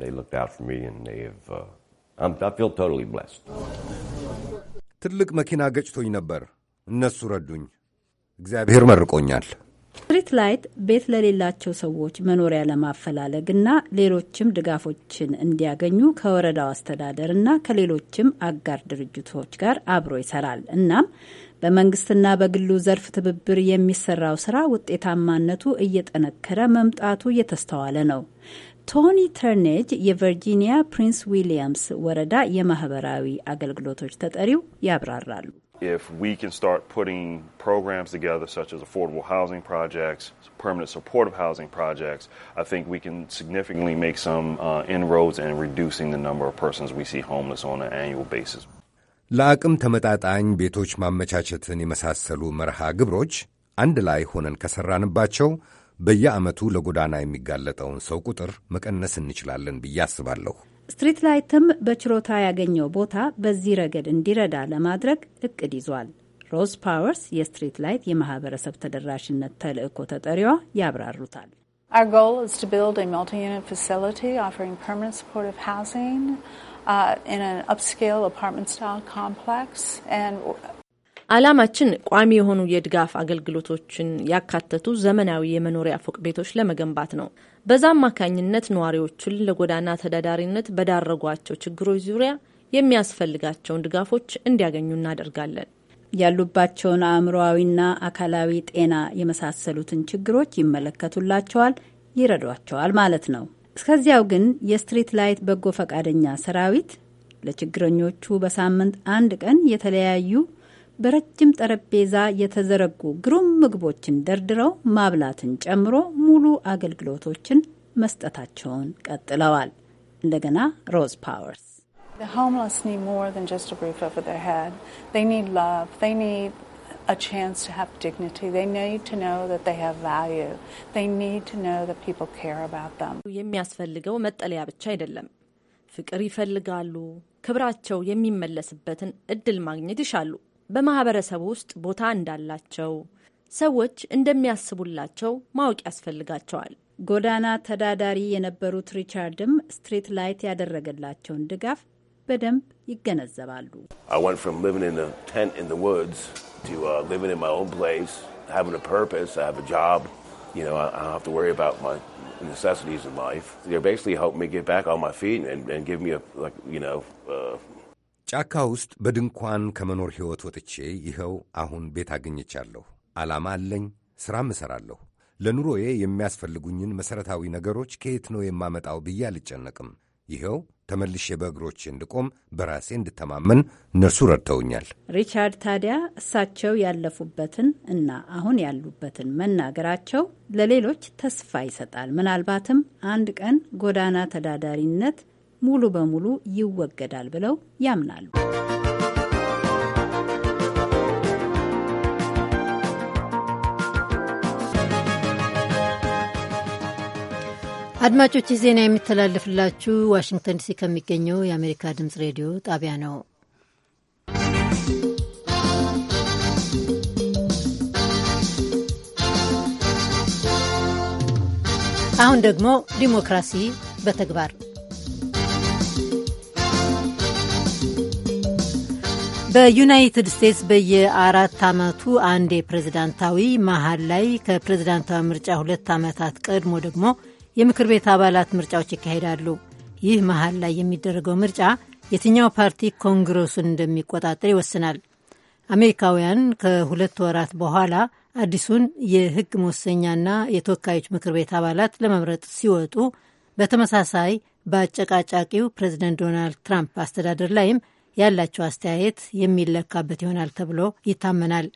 They looked out for me and uh, ትልቅ መኪና ገጭቶኝ ነበር። እነሱ ረዱኝ። እግዚአብሔር መርቆኛል። ስትሪት ላይት ቤት ለሌላቸው ሰዎች መኖሪያ ለማፈላለግ እና ሌሎችም ድጋፎችን እንዲያገኙ ከወረዳው አስተዳደር እና ከሌሎችም አጋር ድርጅቶች ጋር አብሮ ይሰራል። እናም በመንግስትና በግሉ ዘርፍ ትብብር የሚሰራው ስራ ውጤታማነቱ እየጠነከረ መምጣቱ እየተስተዋለ ነው። ቶኒ ተርኔጅ የቨርጂኒያ ፕሪንስ ዊሊያምስ ወረዳ የማህበራዊ አገልግሎቶች ተጠሪው ያብራራሉ። ለአቅም ተመጣጣኝ ቤቶች ማመቻቸትን የመሳሰሉ መርሃ ግብሮች አንድ ላይ ሆነን ከሠራንባቸው በየዓመቱ ለጎዳና የሚጋለጠውን ሰው ቁጥር መቀነስ እንችላለን ብዬ አስባለሁ። ስትሪት ላይትም በችሮታ ያገኘው ቦታ በዚህ ረገድ እንዲረዳ ለማድረግ እቅድ ይዟል። ሮዝ ፓወርስ የስትሪት ላይት የማህበረሰብ ተደራሽነት ተልዕኮ ተጠሪዋ ያብራሩታል። ዓላማችን ቋሚ የሆኑ የድጋፍ አገልግሎቶችን ያካተቱ ዘመናዊ የመኖሪያ ፎቅ ቤቶች ለመገንባት ነው። በዛ አማካኝነት ነዋሪዎቹን ለጎዳና ተዳዳሪነት በዳረጓቸው ችግሮች ዙሪያ የሚያስፈልጋቸውን ድጋፎች እንዲያገኙ እናደርጋለን። ያሉባቸውን አእምሮዊና አካላዊ ጤና የመሳሰሉትን ችግሮች ይመለከቱላቸዋል፣ ይረዷቸዋል ማለት ነው። እስከዚያው ግን የስትሪት ላይት በጎ ፈቃደኛ ሰራዊት ለችግረኞቹ በሳምንት አንድ ቀን የተለያዩ በረጅም ጠረጴዛ የተዘረጉ ግሩም ምግቦችን ደርድረው ማብላትን ጨምሮ ሙሉ አገልግሎቶችን መስጠታቸውን ቀጥለዋል። እንደገና ሮዝ ፓወርስ የሚያስፈልገው መጠለያ ብቻ አይደለም። ፍቅር ይፈልጋሉ። ክብራቸው የሚመለስበትን እድል ማግኘት ይሻሉ። በማህበረሰብ ውስጥ ቦታ እንዳላቸው፣ ሰዎች እንደሚያስቡላቸው ማወቅ ያስፈልጋቸዋል። ጎዳና ተዳዳሪ የነበሩት ሪቻርድም ስትሪት ላይት ያደረገላቸውን ድጋፍ በደንብ ይገነዘባሉ። ጫካ ውስጥ በድንኳን ከመኖር ሕይወት ወጥቼ ይኸው አሁን ቤት አግኝቻለሁ። ዓላማ አለኝ፣ ሥራም እሠራለሁ። ለኑሮዬ የሚያስፈልጉኝን መሠረታዊ ነገሮች ከየት ነው የማመጣው ብዬ አልጨነቅም። ይኸው ተመልሼ በእግሮቼ እንድቆም በራሴ እንድተማመን እነርሱ ረድተውኛል። ሪቻርድ ታዲያ እሳቸው ያለፉበትን እና አሁን ያሉበትን መናገራቸው ለሌሎች ተስፋ ይሰጣል። ምናልባትም አንድ ቀን ጎዳና ተዳዳሪነት ሙሉ በሙሉ ይወገዳል ብለው ያምናሉ። አድማጮች ይህ ዜና የሚተላለፍላችሁ ዋሽንግተን ዲሲ ከሚገኘው የአሜሪካ ድምጽ ሬዲዮ ጣቢያ ነው። አሁን ደግሞ ዲሞክራሲ በተግባር በዩናይትድ ስቴትስ በየአራት ዓመቱ አንዴ ፕሬዝዳንታዊ መሀል ላይ ከፕሬዝዳንታዊ ምርጫ ሁለት ዓመታት ቀድሞ ደግሞ የምክር ቤት አባላት ምርጫዎች ይካሄዳሉ። ይህ መሀል ላይ የሚደረገው ምርጫ የትኛው ፓርቲ ኮንግረሱን እንደሚቆጣጠር ይወስናል። አሜሪካውያን ከሁለት ወራት በኋላ አዲሱን የሕግ መወሰኛና የተወካዮች ምክር ቤት አባላት ለመምረጥ ሲወጡ በተመሳሳይ በአጨቃጫቂው ፕሬዚደንት ዶናልድ ትራምፕ አስተዳደር ላይም ያላቸው አስተያየት የሚለካበት ይሆናል ተብሎ ይታመናል።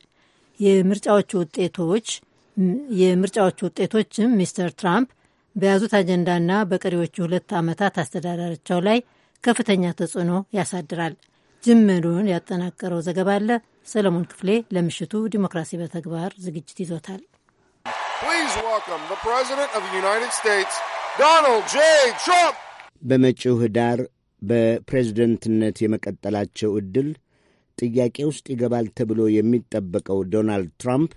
የምርጫዎቹ ውጤቶች የምርጫዎቹ ውጤቶችም ሚስተር ትራምፕ በያዙት አጀንዳና በቀሪዎቹ ሁለት ዓመታት አስተዳደራቸው ላይ ከፍተኛ ተጽዕኖ ያሳድራል። ጅምሩን ያጠናቀረው ዘገባ አለ። ሰለሞን ክፍሌ ለምሽቱ ዲሞክራሲ በተግባር ዝግጅት ይዞታል። በመጪው ህዳር በፕሬዝደንትነት የመቀጠላቸው ዕድል ጥያቄ ውስጥ ይገባል ተብሎ የሚጠበቀው ዶናልድ ትራምፕ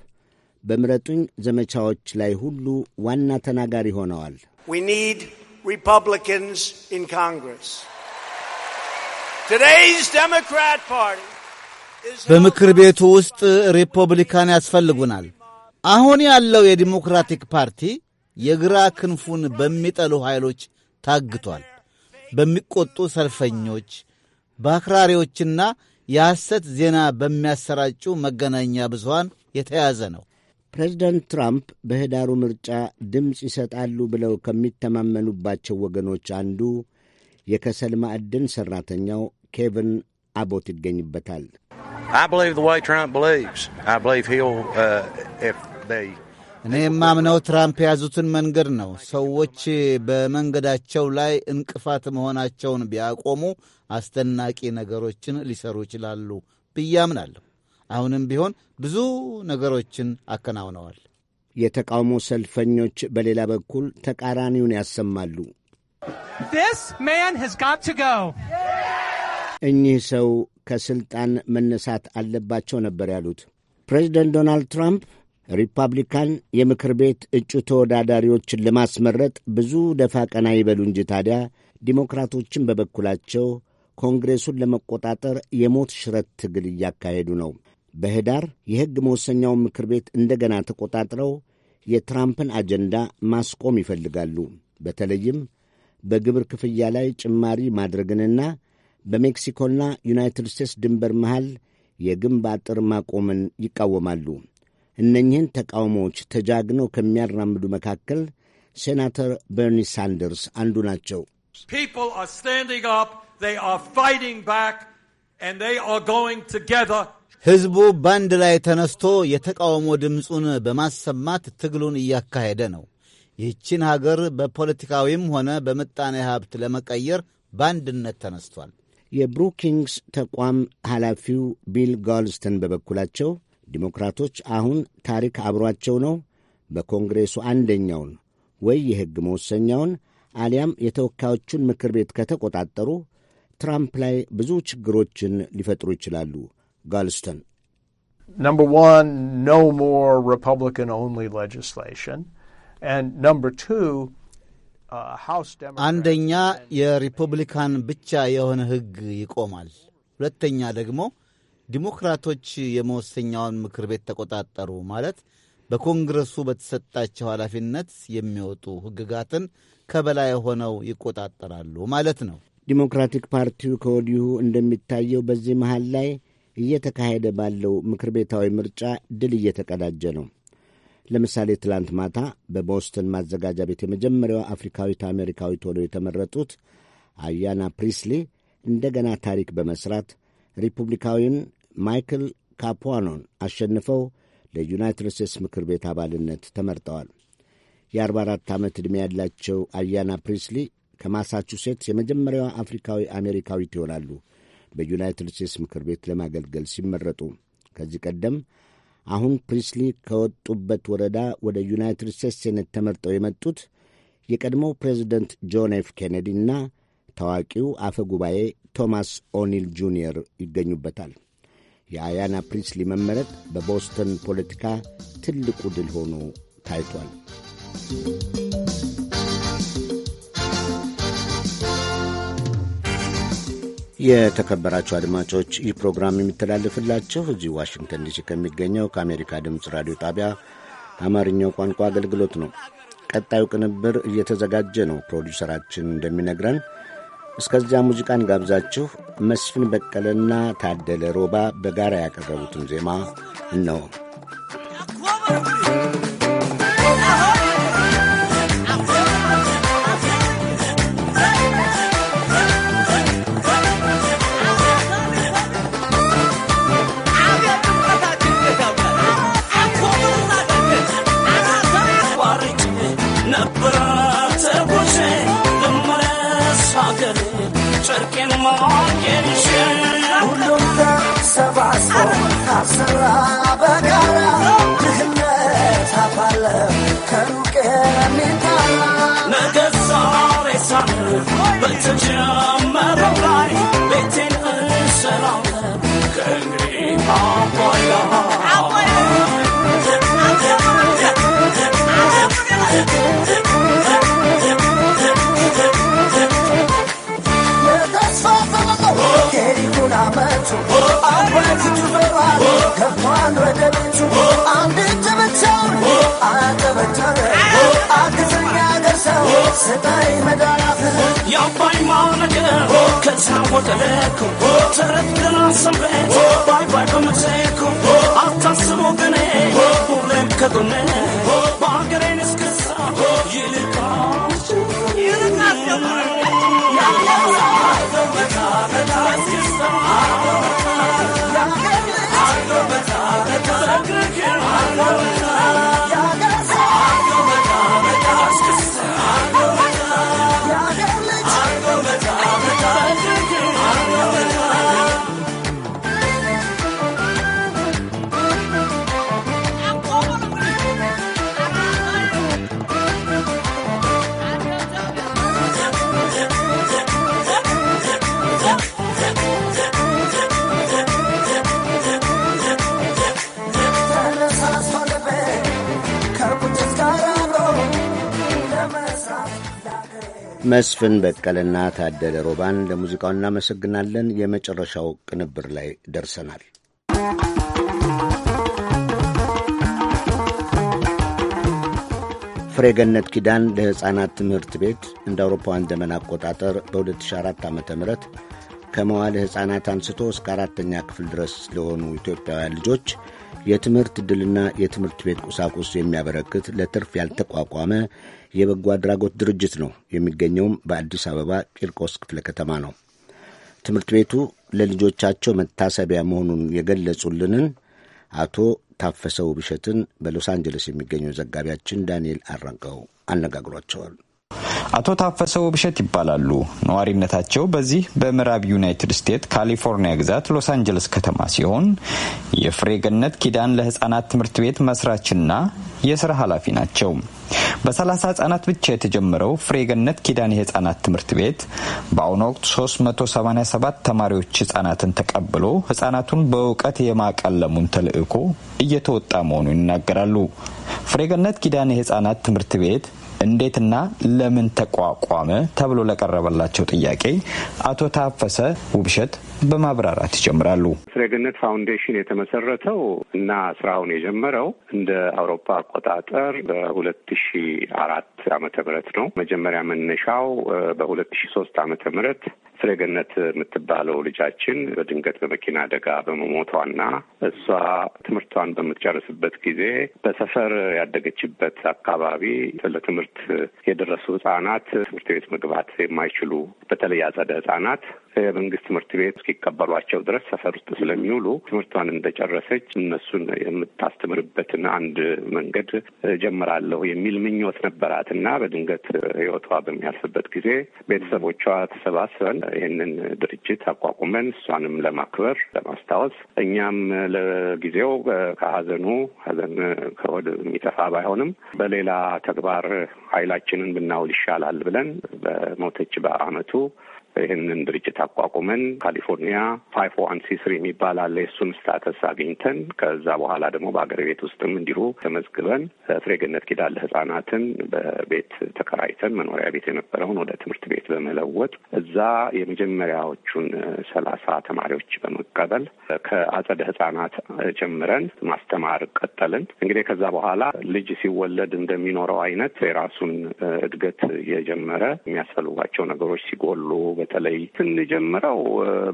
በምረጡኝ ዘመቻዎች ላይ ሁሉ ዋና ተናጋሪ ሆነዋል። በምክር ቤቱ ውስጥ ሪፐብሊካን ያስፈልጉናል። አሁን ያለው የዲሞክራቲክ ፓርቲ የግራ ክንፉን በሚጠሉ ኃይሎች ታግቷል። በሚቆጡ ሰልፈኞች፣ በአክራሪዎችና የሐሰት ዜና በሚያሰራጩ መገናኛ ብዙሃን የተያዘ ነው። ፕሬዚዳንት ትራምፕ በህዳሩ ምርጫ ድምፅ ይሰጣሉ ብለው ከሚተማመኑባቸው ወገኖች አንዱ የከሰል ማዕድን ሠራተኛው ኬቨን አቦት ይገኝበታል። እኔ የማምነው ትራምፕ የያዙትን መንገድ ነው። ሰዎች በመንገዳቸው ላይ እንቅፋት መሆናቸውን ቢያቆሙ አስደናቂ ነገሮችን ሊሰሩ ይችላሉ ብዬ አምናለሁ። አሁንም ቢሆን ብዙ ነገሮችን አከናውነዋል። የተቃውሞ ሰልፈኞች በሌላ በኩል ተቃራኒውን ያሰማሉ። እኚህ ሰው ከሥልጣን መነሳት አለባቸው ነበር ያሉት ፕሬዚደንት ዶናልድ ትራምፕ ሪፐብሊካን የምክር ቤት እጩ ተወዳዳሪዎችን ለማስመረጥ ብዙ ደፋ ቀና ይበሉ እንጂ ታዲያ ዲሞክራቶችን በበኩላቸው ኮንግሬሱን ለመቆጣጠር የሞት ሽረት ትግል እያካሄዱ ነው። በህዳር የሕግ መወሰኛውን ምክር ቤት እንደገና ተቆጣጥረው የትራምፕን አጀንዳ ማስቆም ይፈልጋሉ። በተለይም በግብር ክፍያ ላይ ጭማሪ ማድረግንና በሜክሲኮና ዩናይትድ ስቴትስ ድንበር መሃል የግንብ አጥር ማቆምን ይቃወማሉ። እነኚህን ተቃውሞዎች ተጃግነው ከሚያራምዱ መካከል ሴናተር በርኒ ሳንደርስ አንዱ ናቸው። ሕዝቡ በአንድ ላይ ተነስቶ የተቃውሞ ድምፁን በማሰማት ትግሉን እያካሄደ ነው። ይህችን ሀገር በፖለቲካዊም ሆነ በምጣኔ ሀብት ለመቀየር በአንድነት ተነስቷል። የብሩኪንግስ ተቋም ኃላፊው ቢል ጋልስተን በበኩላቸው ዲሞክራቶች አሁን ታሪክ አብሯቸው ነው። በኮንግሬሱ አንደኛውን ወይ የሕግ መወሰኛውን አሊያም የተወካዮቹን ምክር ቤት ከተቆጣጠሩ ትራምፕ ላይ ብዙ ችግሮችን ሊፈጥሩ ይችላሉ። ጋልስተን ነምበር ዋን ኖ ሞር ሪፐብሊካን ኦንሊ ሌጅስሌሽን ነምበር ቱ አንደኛ የሪፐብሊካን ብቻ የሆነ ሕግ ይቆማል። ሁለተኛ ደግሞ ዲሞክራቶች የመወሰኛውን ምክር ቤት ተቆጣጠሩ ማለት በኮንግረሱ በተሰጣቸው ኃላፊነት የሚወጡ ሕግጋትን ከበላይ ሆነው ይቆጣጠራሉ ማለት ነው። ዲሞክራቲክ ፓርቲው ከወዲሁ እንደሚታየው በዚህ መሃል ላይ እየተካሄደ ባለው ምክር ቤታዊ ምርጫ ድል እየተቀዳጀ ነው። ለምሳሌ ትላንት ማታ በቦስተን ማዘጋጃ ቤት የመጀመሪያው አፍሪካዊት አሜሪካዊት ሆነው የተመረጡት አያና ፕሪስሊ እንደገና ታሪክ በመስራት ሪፑብሊካዊውን ማይክል ካፑዋኖን አሸንፈው ለዩናይትድ ስቴትስ ምክር ቤት አባልነት ተመርጠዋል። የ44 ዓመት ዕድሜ ያላቸው አያና ፕሪስሊ ከማሳቹሴትስ የመጀመሪያዋ አፍሪካዊ አሜሪካዊት ይሆናሉ በዩናይትድ ስቴትስ ምክር ቤት ለማገልገል ሲመረጡ። ከዚህ ቀደም አሁን ፕሪስሊ ከወጡበት ወረዳ ወደ ዩናይትድ ስቴትስ ሴኔት ተመርጠው የመጡት የቀድሞው ፕሬዚደንት ጆን ኤፍ ኬኔዲ እና ታዋቂው አፈ ጉባኤ ቶማስ ኦኒል ጁኒየር ይገኙበታል። የአያና ፕሪስሊ መመረጥ በቦስተን ፖለቲካ ትልቁ ድል ሆኖ ታይቷል። የተከበራችሁ አድማጮች ይህ ፕሮግራም የሚተላለፍላችሁ እዚህ ዋሽንግተን ዲሲ ከሚገኘው ከአሜሪካ ድምፅ ራዲዮ ጣቢያ አማርኛው ቋንቋ አገልግሎት ነው። ቀጣዩ ቅንብር እየተዘጋጀ ነው። ፕሮዲውሰራችን እንደሚነግረን እስከዚያ ሙዚቃን ጋብዛችሁ መስፍን በቀለና ታደለ ሮባ በጋራ ያቀረቡትን ዜማ ነው። አስራ በጋራ ድህነት አባለም ከሩቅ የሚታላ ሬሳ በተጀመረው ላይ ቤቴን እንሰራለን ከእንግዲህ ይሁን አመቱ አባቱ በባል ከፋን ወደ ቤቱ አንድ ብቻውን አጠበተረ አግዘኛ አገር ሰው ስጠኝ መዳላፍ የአባይ ማነገር ከዛ ወጠለኩ ተረት ገና ሰንበት ባይ ባይ በመዘኩ አታስቦ ገኔ ሁሌም ከጎኔ መስፍን በቀለና ታደለ ሮባን ለሙዚቃው እናመሰግናለን። የመጨረሻው ቅንብር ላይ ደርሰናል። ፍሬገነት ኪዳን ለሕፃናት ትምህርት ቤት እንደ አውሮፓውያን ዘመን አቆጣጠር በ2004 ዓ ም ከመዋለ ሕፃናት አንስቶ እስከ አራተኛ ክፍል ድረስ ለሆኑ ኢትዮጵያውያን ልጆች የትምህርት ዕድልና የትምህርት ቤት ቁሳቁስ የሚያበረክት ለትርፍ ያልተቋቋመ የበጎ አድራጎት ድርጅት ነው። የሚገኘውም በአዲስ አበባ ቂርቆስ ክፍለ ከተማ ነው። ትምህርት ቤቱ ለልጆቻቸው መታሰቢያ መሆኑን የገለጹልንን አቶ ታፈሰው ብሸትን በሎስ አንጀለስ የሚገኘው ዘጋቢያችን ዳንኤል አራጋው አነጋግሯቸዋል። አቶ ታፈሰ ውብሸት ይባላሉ። ነዋሪነታቸው በዚህ በምዕራብ ዩናይትድ ስቴትስ ካሊፎርኒያ ግዛት ሎስ አንጀለስ ከተማ ሲሆን የፍሬ ገነት ኪዳን ለህጻናት ትምህርት ቤት መስራችና የስራ ኃላፊ ናቸው። በሰላሳ ህጻናት ብቻ የተጀመረው ፍሬገነት ኪዳን የህጻናት ትምህርት ቤት በአሁኑ ወቅት 387 ተማሪዎች ህጻናትን ተቀብሎ ህጻናቱን በእውቀት የማቀለሙን ተልዕኮ እየተወጣ መሆኑን ይናገራሉ። ፍሬገነት ኪዳን የህጻናት ትምህርት ቤት እንዴትና ለምን ተቋቋመ ተብሎ ለቀረበላቸው ጥያቄ አቶ ታፈሰ ውብሸት በማብራራት ይጀምራሉ። ስሬገነት ፋውንዴሽን የተመሰረተው እና ስራውን የጀመረው እንደ አውሮፓ አቆጣጠር በሁለት ሺ አራት አመተ ምህረት ነው። መጀመሪያ መነሻው በሁለት ሺ ሶስት አመተ ምህረት ፍሬገነት የምትባለው ልጃችን በድንገት በመኪና አደጋ በመሞቷና እሷ ትምህርቷን በምትጨርስበት ጊዜ በሰፈር ያደገችበት አካባቢ ለትምህርት የደረሱ ህጻናት ትምህርት ቤት መግባት የማይችሉ በተለይ ያጸደ ህጻናት የመንግስት ትምህርት ቤት እስኪቀበሏቸው ድረስ ሰፈር ውስጥ ስለሚውሉ ትምህርቷን እንደጨረሰች እነሱን የምታስተምርበትን አንድ መንገድ ጀምራለሁ የሚል ምኞት ነበራት እና በድንገት ህይወቷ በሚያልፍበት ጊዜ ቤተሰቦቿ ተሰባስበን ይህንን ድርጅት አቋቁመን እሷንም ለማክበር ለማስታወስ እኛም ለጊዜው ከሀዘኑ ሀዘን ከወደ የሚጠፋ ባይሆንም በሌላ ተግባር ኃይላችንን ብናውል ይሻላል ብለን በሞተች በአመቱ ይህንን ድርጅት አቋቁመን ካሊፎርኒያ ፋይቭ ዋን ሲ የሚባል አለ። የሱን ስታተስ አግኝተን ከዛ በኋላ ደግሞ በሀገር ቤት ውስጥም እንዲሁ ተመዝግበን ፍሬግነት ኪዳለ ህጻናትን በቤት ተከራይተን መኖሪያ ቤት የነበረውን ወደ ትምህርት ቤት በመለወጥ እዛ የመጀመሪያዎቹን ሰላሳ ተማሪዎች በመቀበል ከአጸደ ህጻናት ጀምረን ማስተማር ቀጠልን። እንግዲህ ከዛ በኋላ ልጅ ሲወለድ እንደሚኖረው አይነት የራሱን እድገት የጀመረ የሚያስፈልጓቸው ነገሮች ሲጎሉ በተለይ ስንጀምረው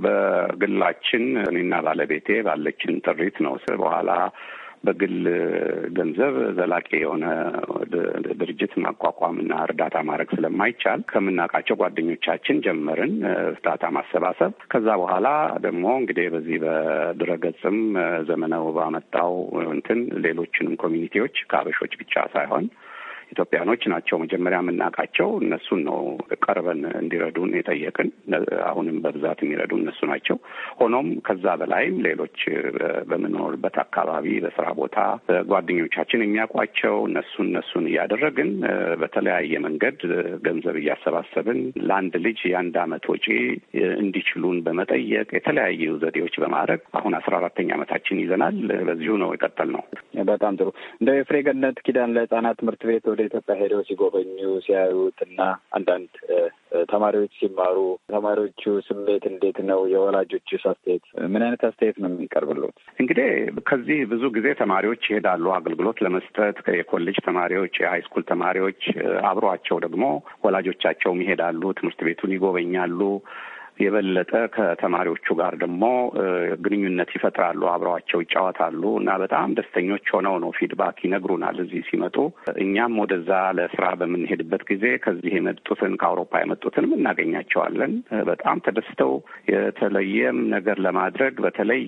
በግላችን እኔና ባለቤቴ ባለችን ጥሪት ነው። በኋላ በግል ገንዘብ ዘላቂ የሆነ ድርጅት ማቋቋምና እርዳታ ማድረግ ስለማይቻል ከምናውቃቸው ጓደኞቻችን ጀመርን እርዳታ ማሰባሰብ። ከዛ በኋላ ደግሞ እንግዲህ በዚህ በድረገጽም ዘመነ ባመጣው እንትን ሌሎችንም ኮሚኒቲዎች ከአበሾች ብቻ ሳይሆን ኢትዮጵያኖች ናቸው መጀመሪያ የምናውቃቸው። እነሱን ነው ቀርበን እንዲረዱን የጠየቅን። አሁንም በብዛት የሚረዱ እነሱ ናቸው። ሆኖም ከዛ በላይም ሌሎች በምኖርበት አካባቢ፣ በስራ ቦታ ጓደኞቻችን የሚያውቋቸው እነሱን እነሱን እያደረግን በተለያየ መንገድ ገንዘብ እያሰባሰብን ለአንድ ልጅ የአንድ አመት ወጪ እንዲችሉን በመጠየቅ የተለያዩ ዘዴዎች በማድረግ አሁን አስራ አራተኛ አመታችን ይዘናል። በዚሁ ነው የቀጠል ነው። በጣም ጥሩ እንደ የፍሬ ገነት ኪዳን ለህጻናት ትምህርት ቤት ወደ ኢትዮጵያ ሄደው ሲጎበኙ ሲያዩት እና አንዳንድ ተማሪዎች ሲማሩ ተማሪዎቹ ስሜት እንዴት ነው? የወላጆቹ አስተያየት ምን አይነት አስተያየት ነው የሚቀርብሉት? እንግዲህ ከዚህ ብዙ ጊዜ ተማሪዎች ይሄዳሉ አገልግሎት ለመስጠት የኮሌጅ ተማሪዎች፣ የሃይስኩል ተማሪዎች አብሯቸው ደግሞ ወላጆቻቸውም ይሄዳሉ። ትምህርት ቤቱን ይጎበኛሉ። የበለጠ ከተማሪዎቹ ጋር ደግሞ ግንኙነት ይፈጥራሉ፣ አብረዋቸው ይጫወታሉ እና በጣም ደስተኞች ሆነው ነው ፊድባክ ይነግሩናል እዚህ ሲመጡ። እኛም ወደዛ ለስራ በምንሄድበት ጊዜ ከዚህ የመጡትን ከአውሮፓ የመጡትንም እናገኛቸዋለን። በጣም ተደስተው የተለየም ነገር ለማድረግ በተለይ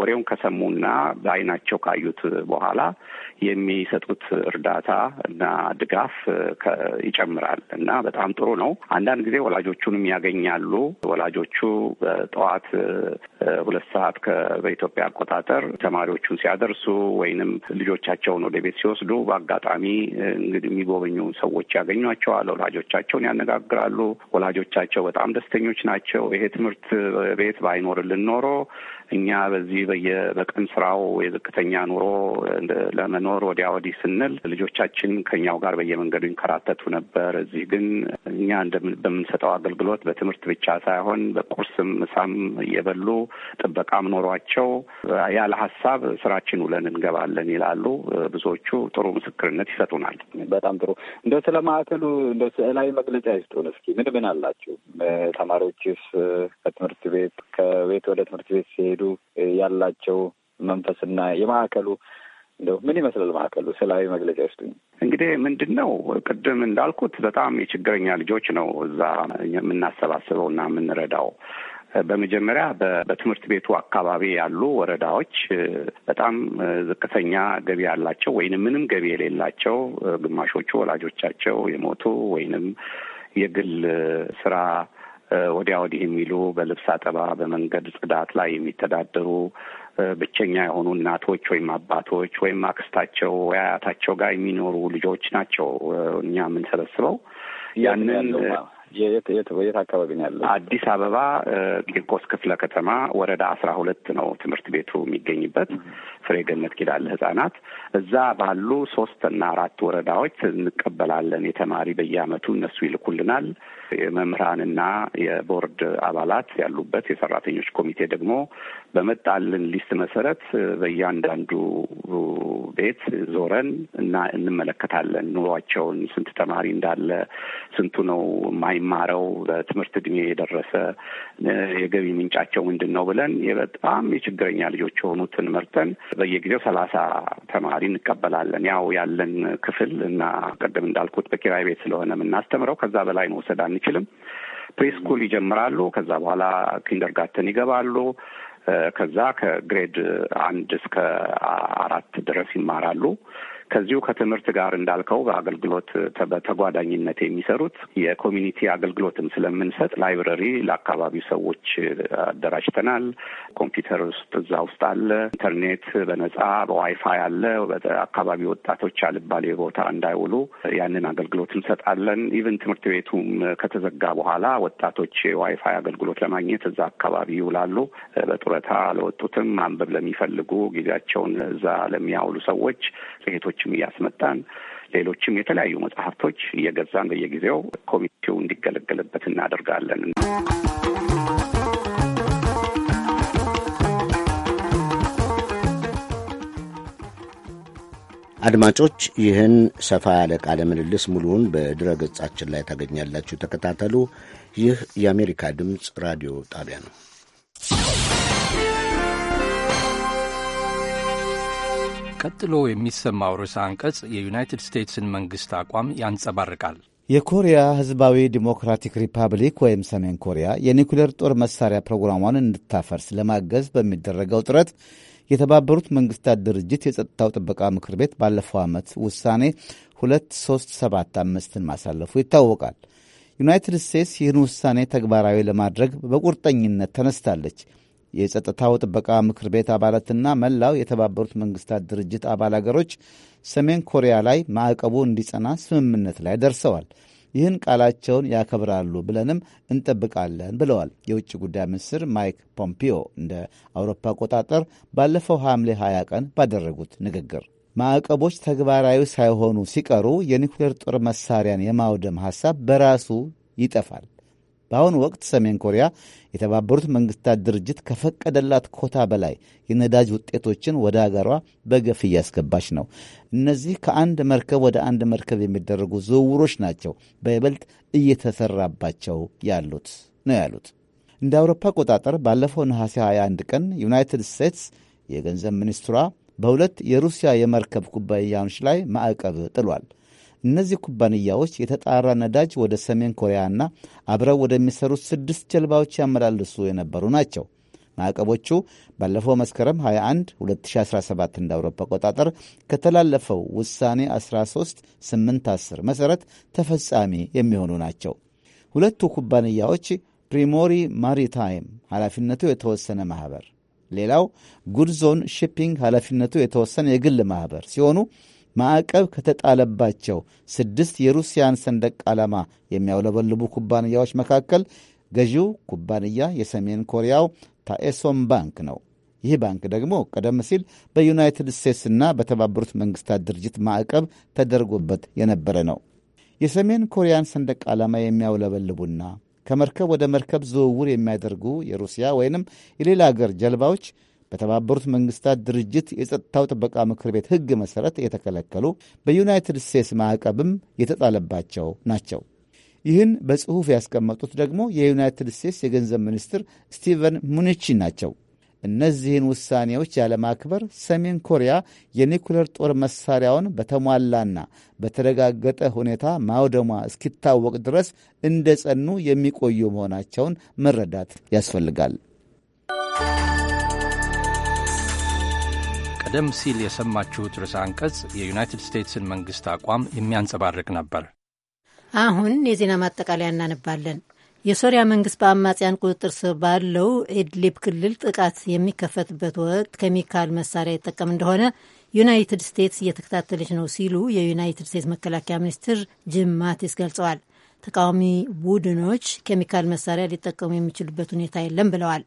ወሬውን ከሰሙና በአይናቸው ካዩት በኋላ የሚሰጡት እርዳታ እና ድጋፍ ይጨምራል እና በጣም ጥሩ ነው። አንዳንድ ጊዜ ወላጆቹንም ያገኛሉ። ወላጆቹ በጠዋት ሁለት ሰዓት በኢትዮጵያ አቆጣጠር ተማሪዎቹን ሲያደርሱ ወይንም ልጆቻቸውን ወደ ቤት ሲወስዱ በአጋጣሚ እንግዲህ የሚጎበኙ ሰዎች ያገኟቸዋል። ወላጆቻቸውን ያነጋግራሉ። ወላጆቻቸው በጣም ደስተኞች ናቸው። ይሄ ትምህርት ቤት ባይኖርልን ኖሮ እኛ በዚህ በቀን ስራው የዝቅተኛ ኑሮ ለመኖር ወዲያ ወዲህ ስንል ልጆቻችን ከኛው ጋር በየመንገዱ ይንከራተቱ ነበር። እዚህ ግን እኛ በምንሰጠው አገልግሎት በትምህርት ብቻ ሳይሆን ሳይሆን በቁርስም ምሳም እየበሉ ጥበቃም ኖሯቸው ያለ ሀሳብ ስራችን ውለን እንገባለን ይላሉ። ብዙዎቹ ጥሩ ምስክርነት ይሰጡናል። በጣም ጥሩ። እንደ ስለ ማዕከሉ እንደ ስዕላዊ መግለጫ ይስጡን እስኪ። ምን ምን አላችሁ? ተማሪዎችስ ከትምህርት ቤት ከቤት ወደ ትምህርት ቤት ሲሄዱ ያላቸው መንፈስና የማዕከሉ እንደው ምን ይመስላል ማዕከሉ? ስላዊ መግለጫ ይስጡኝ። እንግዲህ ምንድን ነው ቅድም እንዳልኩት በጣም የችግረኛ ልጆች ነው እዛ የምናሰባስበው እና የምንረዳው በመጀመሪያ በትምህርት ቤቱ አካባቢ ያሉ ወረዳዎች በጣም ዝቅተኛ ገቢ ያላቸው ወይንም ምንም ገቢ የሌላቸው ግማሾቹ ወላጆቻቸው የሞቱ ወይንም የግል ስራ ወዲያ ወዲህ የሚሉ በልብስ አጠባ፣ በመንገድ ጽዳት ላይ የሚተዳደሩ ብቸኛ የሆኑ እናቶች ወይም አባቶች ወይም አክስታቸው ወይ አያታቸው ጋር የሚኖሩ ልጆች ናቸው እኛ የምንሰበስበው ያንን የት የት አካባቢ ነው ያለው? አዲስ አበባ ቂርቆስ ክፍለ ከተማ ወረዳ አስራ ሁለት ነው ትምህርት ቤቱ የሚገኝበት ፍሬ ገነት ኪዳለ ህጻናት። እዛ ባሉ ሶስት እና አራት ወረዳዎች እንቀበላለን የተማሪ በየአመቱ እነሱ ይልኩልናል። የመምህራንና የቦርድ አባላት ያሉበት የሰራተኞች ኮሚቴ ደግሞ በመጣልን ሊስት መሰረት በእያንዳንዱ ቤት ዞረን እና እንመለከታለን ኑሯቸውን፣ ስንት ተማሪ እንዳለ፣ ስንቱ ነው ማይ የሚማረው በትምህርት እድሜ የደረሰ የገቢ ምንጫቸው ምንድን ነው ብለን በጣም የችግረኛ ልጆች የሆኑትን መርጠን በየጊዜው ሰላሳ ተማሪ እንቀበላለን። ያው ያለን ክፍል እና ቅድም እንዳልኩት በኪራይ ቤት ስለሆነ የምናስተምረው ከዛ በላይ መውሰድ አንችልም። ፕሪስኩል ይጀምራሉ። ከዛ በኋላ ኪንደርጋርተን ይገባሉ። ከዛ ከግሬድ አንድ እስከ አራት ድረስ ይማራሉ። ከዚሁ ከትምህርት ጋር እንዳልከው በአገልግሎት በተጓዳኝነት የሚሰሩት የኮሚኒቲ አገልግሎትም ስለምንሰጥ ላይብረሪ ለአካባቢው ሰዎች አደራጅተናል። ኮምፒውተር ውስጥ እዛ ውስጥ አለ። ኢንተርኔት በነጻ በዋይፋይ አለ። አካባቢ ወጣቶች አልባሌ ቦታ እንዳይውሉ ያንን አገልግሎት እንሰጣለን። ኢቨን ትምህርት ቤቱም ከተዘጋ በኋላ ወጣቶች የዋይፋይ አገልግሎት ለማግኘት እዛ አካባቢ ይውላሉ። በጡረታ ለወጡትም፣ ማንበብ ለሚፈልጉ ጊዜያቸውን እዛ ለሚያውሉ ሰዎች ቤቶች ሌሎችም እያስመጣን ሌሎችም የተለያዩ መጽሐፍቶች እየገዛን በየጊዜው ኮሚቴው እንዲገለገልበት እናደርጋለን። አድማጮች ይህን ሰፋ ያለ ቃለ ምልልስ ሙሉውን በድረ ገጻችን ላይ ታገኛላችሁ። ተከታተሉ። ይህ የአሜሪካ ድምፅ ራዲዮ ጣቢያ ነው። ቀጥሎ የሚሰማው ርዕሰ አንቀጽ የዩናይትድ ስቴትስን መንግሥት አቋም ያንጸባርቃል። የኮሪያ ሕዝባዊ ዲሞክራቲክ ሪፐብሊክ ወይም ሰሜን ኮሪያ የኒኩሌር ጦር መሳሪያ ፕሮግራሟን እንድታፈርስ ለማገዝ በሚደረገው ጥረት የተባበሩት መንግስታት ድርጅት የጸጥታው ጥበቃ ምክር ቤት ባለፈው ዓመት ውሳኔ 2375ን ማሳለፉ ይታወቃል። ዩናይትድ ስቴትስ ይህን ውሳኔ ተግባራዊ ለማድረግ በቁርጠኝነት ተነስታለች። የጸጥታው ጥበቃ ምክር ቤት አባላትና መላው የተባበሩት መንግስታት ድርጅት አባል አገሮች ሰሜን ኮሪያ ላይ ማዕቀቡ እንዲጸና ስምምነት ላይ ደርሰዋል። ይህን ቃላቸውን ያከብራሉ ብለንም እንጠብቃለን ብለዋል። የውጭ ጉዳይ ሚኒስትር ማይክ ፖምፒዮ እንደ አውሮፓ አቆጣጠር ባለፈው ሐምሌ 20 ቀን ባደረጉት ንግግር ማዕቀቦች ተግባራዊ ሳይሆኑ ሲቀሩ የኒውክሌር ጦር መሳሪያን የማውደም ሐሳብ በራሱ ይጠፋል። በአሁኑ ወቅት ሰሜን ኮሪያ የተባበሩት መንግስታት ድርጅት ከፈቀደላት ኮታ በላይ የነዳጅ ውጤቶችን ወደ አገሯ በገፍ እያስገባች ነው። እነዚህ ከአንድ መርከብ ወደ አንድ መርከብ የሚደረጉ ዝውውሮች ናቸው በይበልጥ እየተሰራባቸው ያሉት ነው ያሉት። እንደ አውሮፓ አቆጣጠር ባለፈው ነሐሴ 21 ቀን ዩናይትድ ስቴትስ የገንዘብ ሚኒስትሯ በሁለት የሩሲያ የመርከብ ኩባንያዎች ላይ ማዕቀብ ጥሏል። እነዚህ ኩባንያዎች የተጣራ ነዳጅ ወደ ሰሜን ኮሪያና አብረው ወደሚሰሩት ስድስት ጀልባዎች ያመላልሱ የነበሩ ናቸው። ማዕቀቦቹ ባለፈው መስከረም 21 2017 እንደ አውሮፓ አቆጣጠር ከተላለፈው ውሳኔ 13 810 መሠረት ተፈጻሚ የሚሆኑ ናቸው። ሁለቱ ኩባንያዎች ፕሪሞሪ ማሪታይም ኃላፊነቱ የተወሰነ ማኅበር፣ ሌላው ጉድዞን ሺፒንግ ኃላፊነቱ የተወሰነ የግል ማኅበር ሲሆኑ ማዕቀብ ከተጣለባቸው ስድስት የሩሲያን ሰንደቅ ዓላማ የሚያውለበልቡ ኩባንያዎች መካከል ገዢው ኩባንያ የሰሜን ኮሪያው ታኤሶም ባንክ ነው። ይህ ባንክ ደግሞ ቀደም ሲል በዩናይትድ ስቴትስና በተባበሩት መንግስታት ድርጅት ማዕቀብ ተደርጎበት የነበረ ነው። የሰሜን ኮሪያን ሰንደቅ ዓላማ የሚያውለበልቡና ከመርከብ ወደ መርከብ ዝውውር የሚያደርጉ የሩሲያ ወይንም የሌላ አገር ጀልባዎች በተባበሩት መንግስታት ድርጅት የጸጥታው ጥበቃ ምክር ቤት ሕግ መሠረት የተከለከሉ በዩናይትድ ስቴትስ ማዕቀብም የተጣለባቸው ናቸው። ይህን በጽሑፍ ያስቀመጡት ደግሞ የዩናይትድ ስቴትስ የገንዘብ ሚኒስትር ስቲቨን ሙኒቺ ናቸው። እነዚህን ውሳኔዎች ያለማክበር ሰሜን ኮሪያ የኒኩሌር ጦር መሳሪያውን በተሟላና በተረጋገጠ ሁኔታ ማውደሟ እስኪታወቅ ድረስ እንደ ጸኑ የሚቆዩ መሆናቸውን መረዳት ያስፈልጋል። ቀደም ሲል የሰማችሁት ርዕሰ አንቀጽ የዩናይትድ ስቴትስን መንግሥት አቋም የሚያንጸባርቅ ነበር። አሁን የዜና ማጠቃለያ እናነባለን። የሶሪያ መንግስት በአማጽያን ቁጥጥር ስር ባለው ኢድሊብ ክልል ጥቃት የሚከፈትበት ወቅት ኬሚካል መሳሪያ ይጠቀም እንደሆነ ዩናይትድ ስቴትስ እየተከታተለች ነው ሲሉ የዩናይትድ ስቴትስ መከላከያ ሚኒስትር ጂም ማቲስ ገልጸዋል። ተቃዋሚ ቡድኖች ኬሚካል መሳሪያ ሊጠቀሙ የሚችሉበት ሁኔታ የለም ብለዋል።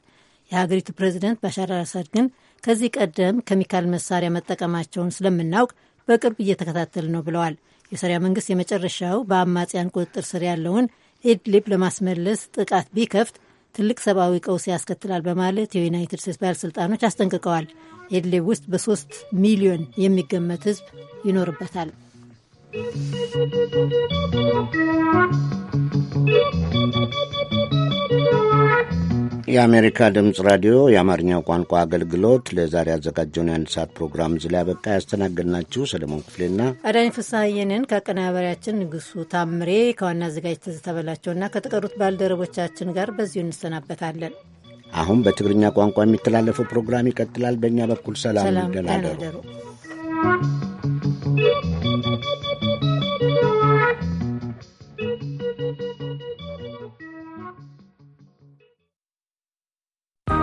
የሀገሪቱ ፕሬዚደንት ባሻር አልአሳድ ግን ከዚህ ቀደም ኬሚካል መሳሪያ መጠቀማቸውን ስለምናውቅ በቅርብ እየተከታተል ነው ብለዋል። የሶሪያ መንግስት የመጨረሻው በአማጽያን ቁጥጥር ስር ያለውን ኢድሊብ ለማስመለስ ጥቃት ቢከፍት ትልቅ ሰብአዊ ቀውስ ያስከትላል በማለት የዩናይትድ ስቴትስ ባለሥልጣኖች አስጠንቅቀዋል። ኢድሊብ ውስጥ በሶስት ሚሊዮን የሚገመት ህዝብ ይኖርበታል። ¶¶ የአሜሪካ ድምፅ ራዲዮ የአማርኛው ቋንቋ አገልግሎት ለዛሬ ያዘጋጀውን የአንድ ሰዓት ፕሮግራም እዚህ ላይ ያበቃ። ያስተናገድናችሁ ሰለሞን ክፍሌና አዳኝ ፍስሐዬንን ከአቀናባሪያችን ንጉሱ ታምሬ ከዋና አዘጋጅ ትዝታ ከተቀሩት ባልደረቦቻችን ጋር በዚሁ እንሰናበታለን። አሁን በትግርኛ ቋንቋ የሚተላለፈው ፕሮግራም ይቀጥላል። በእኛ በኩል ሰላም ደናደሩ።